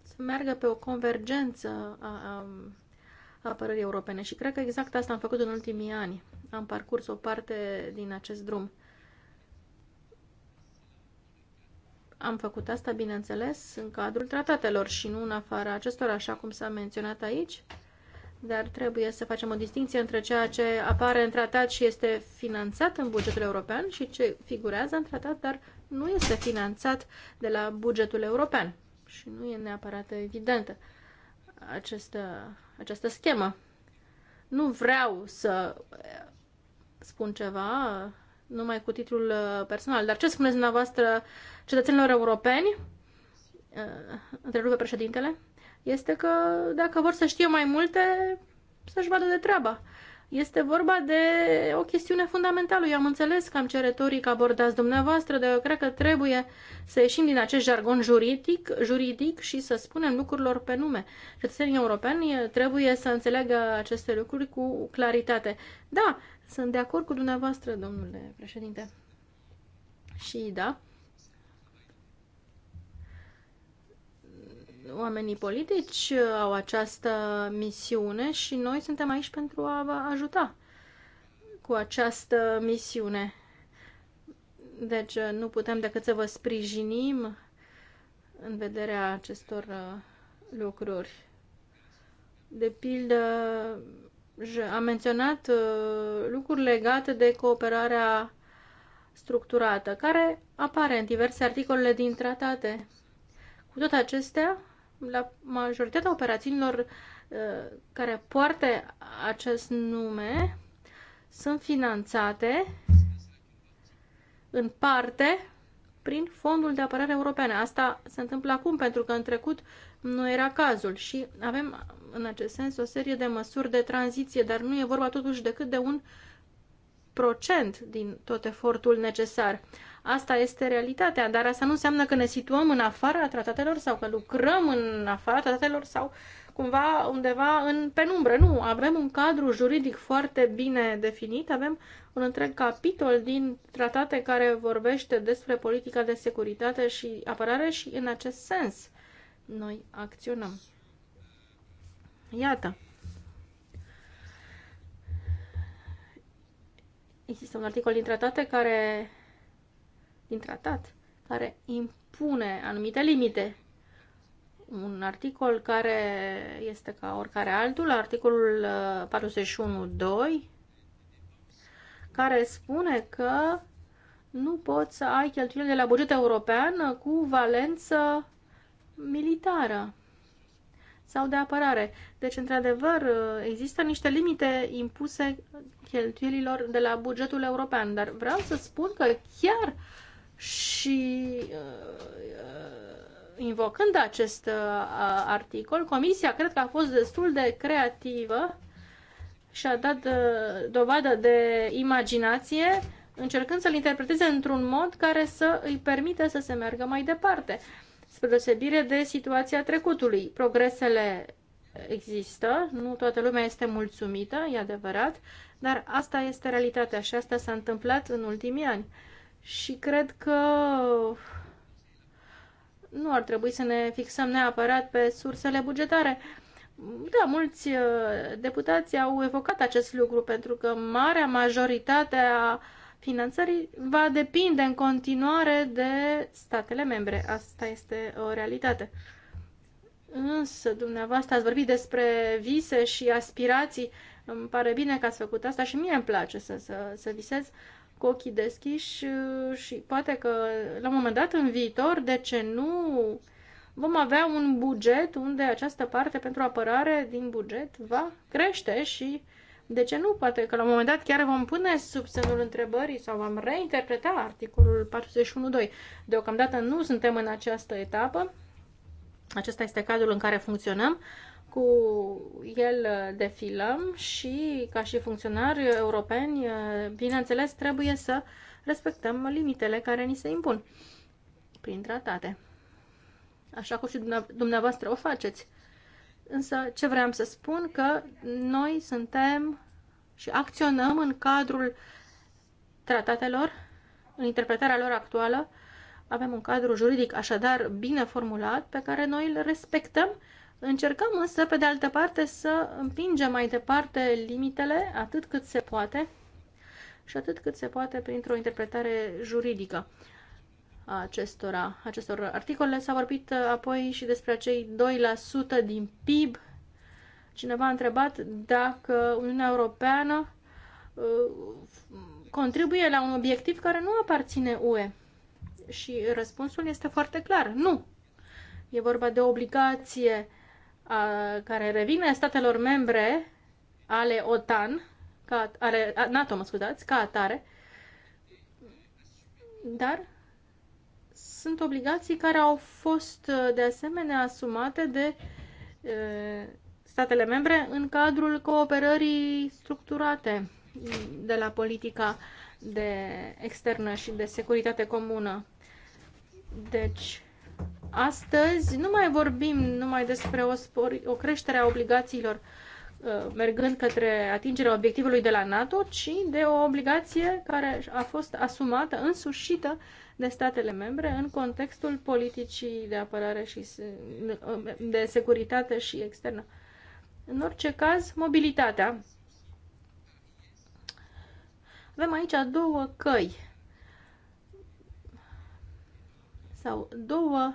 să meargă pe o convergență a, a apărării europene și cred că exact asta am făcut în ultimii ani. Am parcurs o parte din acest drum. Am făcut asta, bineînțeles, în cadrul tratatelor și nu în afara acestora, așa cum s-a menționat aici dar trebuie să facem o distinție între ceea ce apare în tratat și este finanțat în bugetul european și ce figurează în tratat, dar nu este finanțat de la bugetul european. Și nu e neapărat evidentă această, această schemă. Nu vreau să spun ceva numai cu titlul uh, personal, dar ce spuneți dumneavoastră cetățenilor europeni? Uh, întrerupe președintele este că dacă vor să știe mai multe, să-și vadă de treaba. Este vorba de o chestiune fundamentală. Eu am înțeles cam ce retoric abordați dumneavoastră, dar eu cred că trebuie să ieșim din acest jargon juridic, juridic și să spunem lucrurilor pe nume. Cetățenii europeni eh, trebuie să înțeleagă aceste lucruri cu claritate. Da, sunt de acord cu dumneavoastră, domnule președinte. Și da, oamenii politici au această misiune și noi suntem aici pentru a vă ajuta cu această misiune. Deci uh, nu putem decât să vă sprijinim în vederea acestor uh, lucruri. De pildă, am menționat uh, lucruri legate de cooperarea structurată, care apare în diverse articole din tratate. Cu toate acestea, la majoritatea operațiunilor uh, care poartă acest nume sunt finanțate în parte prin Fondul de Apărare Europeană. Asta se întâmplă acum pentru că în trecut nu era cazul și avem în acest sens o serie de măsuri de tranziție, dar nu e vorba totuși decât de un procent din tot efortul necesar. Asta este realitatea, dar asta nu înseamnă că ne situăm în afara tratatelor sau că lucrăm în afara tratatelor sau cumva undeva în penumbră. Nu, avem un cadru juridic foarte bine definit, avem un întreg capitol din tratate care vorbește despre politica de securitate și apărare și în acest sens noi acționăm. Iată. Există un articol din tratate care din tratat care impune anumite limite. Un articol care este ca oricare altul, articolul 41.2, uh, care spune că nu poți să ai cheltuieli de la buget european cu valență militară sau de apărare. Deci, într-adevăr, uh, există niște limite impuse cheltuielilor de la bugetul european, dar vreau să spun că chiar și uh, invocând acest uh, articol, Comisia cred că a fost destul de creativă și a dat uh, dovadă de imaginație, încercând să-l interpreteze într-un mod care să îi permită să se meargă mai departe, spre deosebire de situația trecutului. Progresele există, nu toată lumea este mulțumită, e adevărat, dar asta este realitatea și asta s-a întâmplat în ultimii ani și cred că nu ar trebui să ne fixăm neapărat pe sursele bugetare. Da, mulți uh, deputați au evocat acest lucru pentru că marea majoritate a finanțării va depinde în continuare de statele membre. Asta este o realitate. Însă, dumneavoastră, ați vorbit despre vise și aspirații. Îmi pare bine că ați făcut asta și mie îmi place să, să, să visez cu ochii deschiși uh, și poate că la un moment dat în viitor, de ce nu, vom avea un buget unde această parte pentru apărare din buget va crește și de ce nu? Poate că la un moment dat chiar vom pune sub semnul întrebării sau vom reinterpreta articolul 41.2. Deocamdată nu suntem în această etapă. Acesta este cadrul în care funcționăm, cu el uh, defilăm și, ca și funcționari europeni, uh, bineînțeles, trebuie să respectăm limitele care ni se impun prin tratate. Așa cum și dumneavoastră o faceți. Însă, ce vreau să spun, că noi suntem și acționăm în cadrul tratatelor, în interpretarea lor actuală, avem un cadru juridic așadar bine formulat pe care noi îl respectăm Încercăm însă, pe de altă parte, să împingem mai departe limitele atât cât se poate și atât cât se poate printr-o interpretare juridică a acestora, acestor articole. S-a vorbit uh, apoi și despre acei 2% din PIB. Cineva a întrebat dacă Uniunea Europeană uh, contribuie la un obiectiv care nu aparține UE. Și răspunsul este foarte clar, nu. E vorba de obligație a, care revine statelor membre ale OTAN, ca, ale NATO, mă scuzați, ca atare, dar sunt obligații care au fost uh, de asemenea asumate de e, uh, statele membre în cadrul cooperării structurate de la politica de externă și de securitate comună. Deci, Astăzi nu mai vorbim numai despre o, spor, o creștere a obligațiilor uh, mergând către atingerea obiectivului de la NATO, ci de o obligație care a fost asumată, însușită de statele membre în contextul politicii de apărare și de securitate și externă. În orice caz, mobilitatea. Avem aici două căi sau două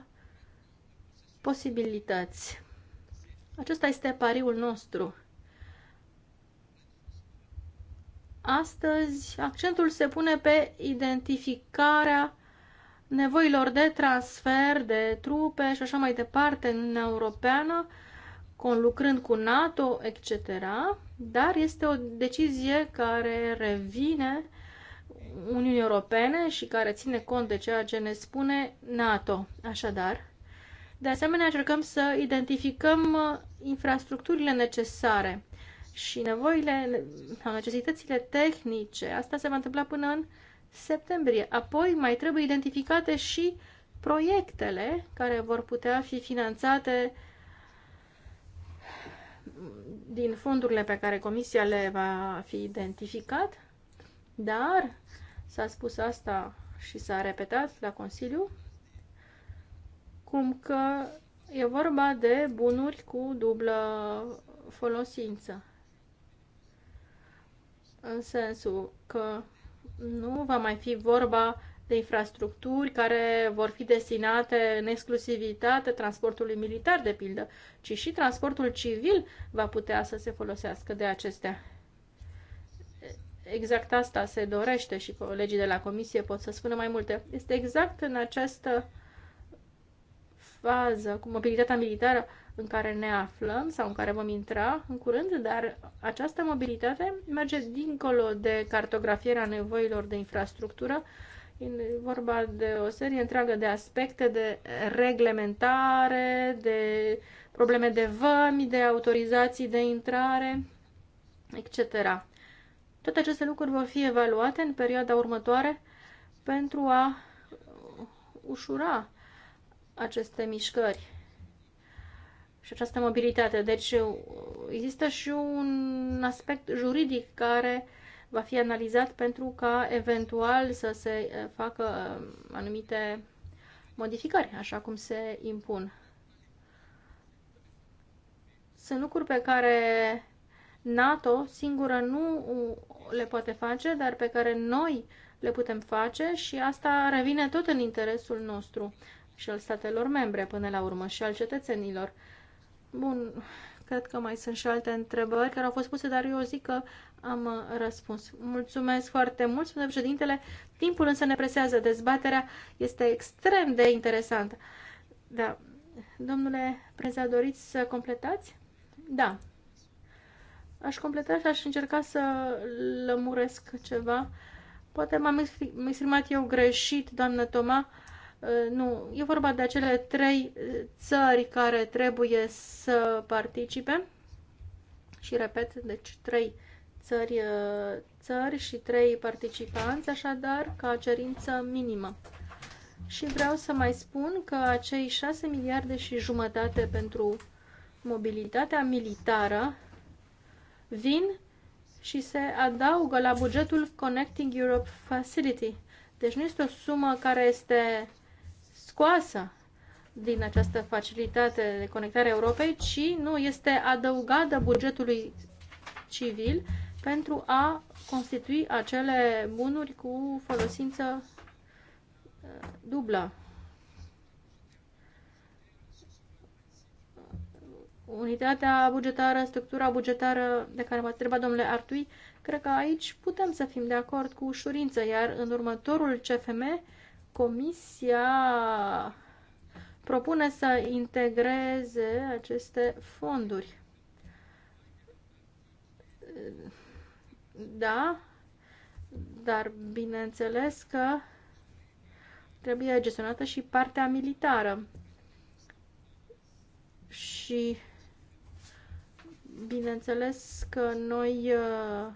posibilități. Acesta este pariul nostru. Astăzi, accentul se pune pe identificarea nevoilor de transfer, de trupe și așa mai departe în Uniunea Europeană, conlucrând cu NATO, etc. Dar este o decizie care revine Uniunii Europene și care ține cont de ceea ce ne spune NATO. Așadar, de asemenea, încercăm să identificăm uh, infrastructurile necesare și nevoile, necesitățile tehnice. Asta se va întâmpla până în septembrie. Apoi mai trebuie identificate și proiectele care vor putea fi finanțate din fondurile pe care Comisia le va fi identificat, dar s-a spus asta și s-a repetat la Consiliu, cum că e vorba de bunuri cu dublă folosință. În sensul că nu va mai fi vorba de infrastructuri care vor fi destinate în exclusivitate transportului militar, de pildă, ci și transportul civil va putea să se folosească de acestea. Exact asta se dorește și colegii de la Comisie pot să spună mai multe. Este exact în această fază cu mobilitatea militară în care ne aflăm sau în care vom intra în curând, dar această mobilitate merge dincolo de cartografierea nevoilor de infrastructură. E vorba de o serie întreagă de aspecte de reglementare, de probleme de vămi, de autorizații de intrare, etc. Toate aceste lucruri vor fi evaluate în perioada următoare pentru a ușura aceste mișcări și această mobilitate. Deci există și un aspect juridic care va fi analizat pentru ca eventual să se eh, facă eh, anumite modificări, așa cum se impun. Sunt lucruri pe care NATO singură nu le poate face, dar pe care noi le putem face și asta revine tot în interesul nostru și al statelor membre până la urmă și al cetățenilor. Bun, cred că mai sunt și alte întrebări care au fost puse, dar eu zic că am răspuns. Mulțumesc foarte mult, spune președintele. Timpul însă ne presează. Dezbaterea este extrem de interesantă. Da. Domnule Preza, doriți să completați? Da. Aș completa și aș încerca să lămuresc ceva. Poate m-am exprimat eu greșit, doamnă Toma, Uh, nu, e vorba de acele trei uh, țări care trebuie să participe și repet, deci trei țări, uh, țări și trei participanți, așadar ca cerință minimă. Și vreau să mai spun că acei 6 miliarde și jumătate pentru mobilitatea militară vin și se adaugă la bugetul Connecting Europe Facility. Deci nu este o sumă care este scoasă din această facilitate de conectare a Europei, ci nu este adăugată bugetului civil pentru a constitui acele bunuri cu folosință uh, dublă. Unitatea bugetară, structura bugetară de care m-ați întrebat, domnule Artui, cred că aici putem să fim de acord cu ușurință, iar în următorul CFM Comisia propune să integreze aceste fonduri. Da, dar bineînțeles că trebuie gestionată și partea militară. Și bineînțeles că noi uh,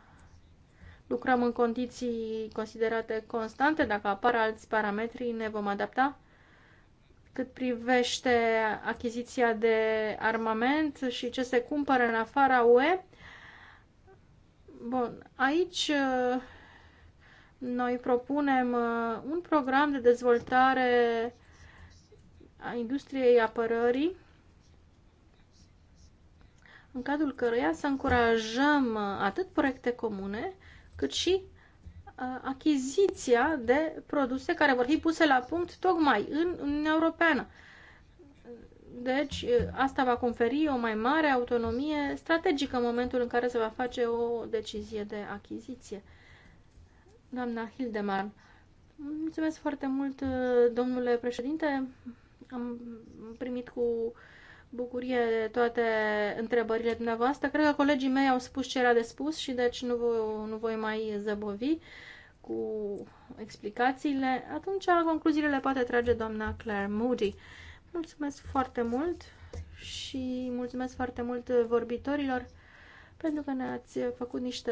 Lucrăm în condiții considerate constante. Dacă apar alți parametri, ne vom adapta. Cât privește achiziția de armament și ce se cumpără în afara UE, bun, aici uh, noi propunem uh, un program de dezvoltare a industriei apărării în cadrul căruia să încurajăm uh, atât proiecte comune, cât și achiziția de produse care vor fi puse la punct tocmai în Uniunea Europeană. Deci, asta va conferi o mai mare autonomie strategică în momentul în care se va face o decizie de achiziție. Doamna Hildemar, mulțumesc foarte mult, domnule președinte. Am primit cu bucurie de toate întrebările dumneavoastră. Cred că colegii mei au spus ce era de spus și deci nu, voi, nu voi mai zăbovi cu explicațiile. Atunci concluziile le poate trage doamna Claire Moody. Mulțumesc foarte mult și mulțumesc foarte mult vorbitorilor pentru că ne-ați făcut niște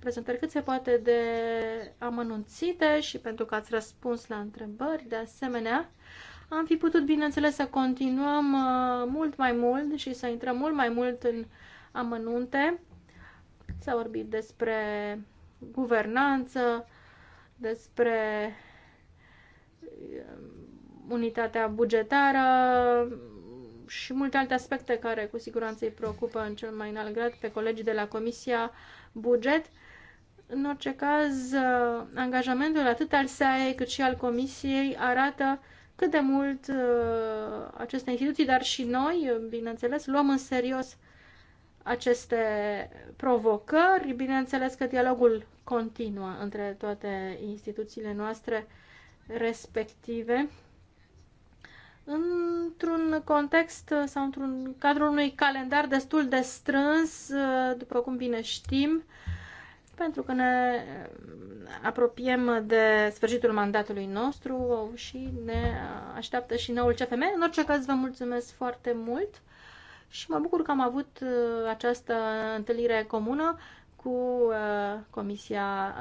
prezentări cât se poate de amănunțite și pentru că ați răspuns la întrebări. De asemenea, am fi putut, bineînțeles, să continuăm uh, mult mai mult și să intrăm mult mai mult în amănunte. S-a vorbit despre guvernanță, despre uh, unitatea bugetară și multe alte aspecte care cu siguranță îi preocupă în cel mai înalt grad pe colegii de la Comisia Buget. În orice caz, uh, angajamentul atât al SAE cât și al Comisiei arată cât de mult uh, aceste instituții, dar și noi, bineînțeles, luăm în serios aceste provocări. Bineînțeles că dialogul continuă între toate instituțiile noastre respective într-un context sau într-un cadrul unui calendar destul de strâns, uh, după cum bine știm, pentru că ne eh, apropiem de sfârșitul mandatului nostru și ne așteaptă și noul CFM. În orice caz, vă mulțumesc foarte mult și mă bucur că am avut eh, această întâlnire comună cu eh, Comisia,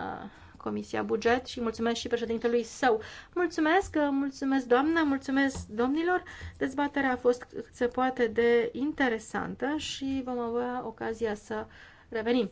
Comisia Buget și mulțumesc și președintelui său. Mulțumesc, mulțumesc doamna, mulțumesc domnilor. Dezbaterea a fost cât se poate de interesantă și vom avea ocazia să revenim.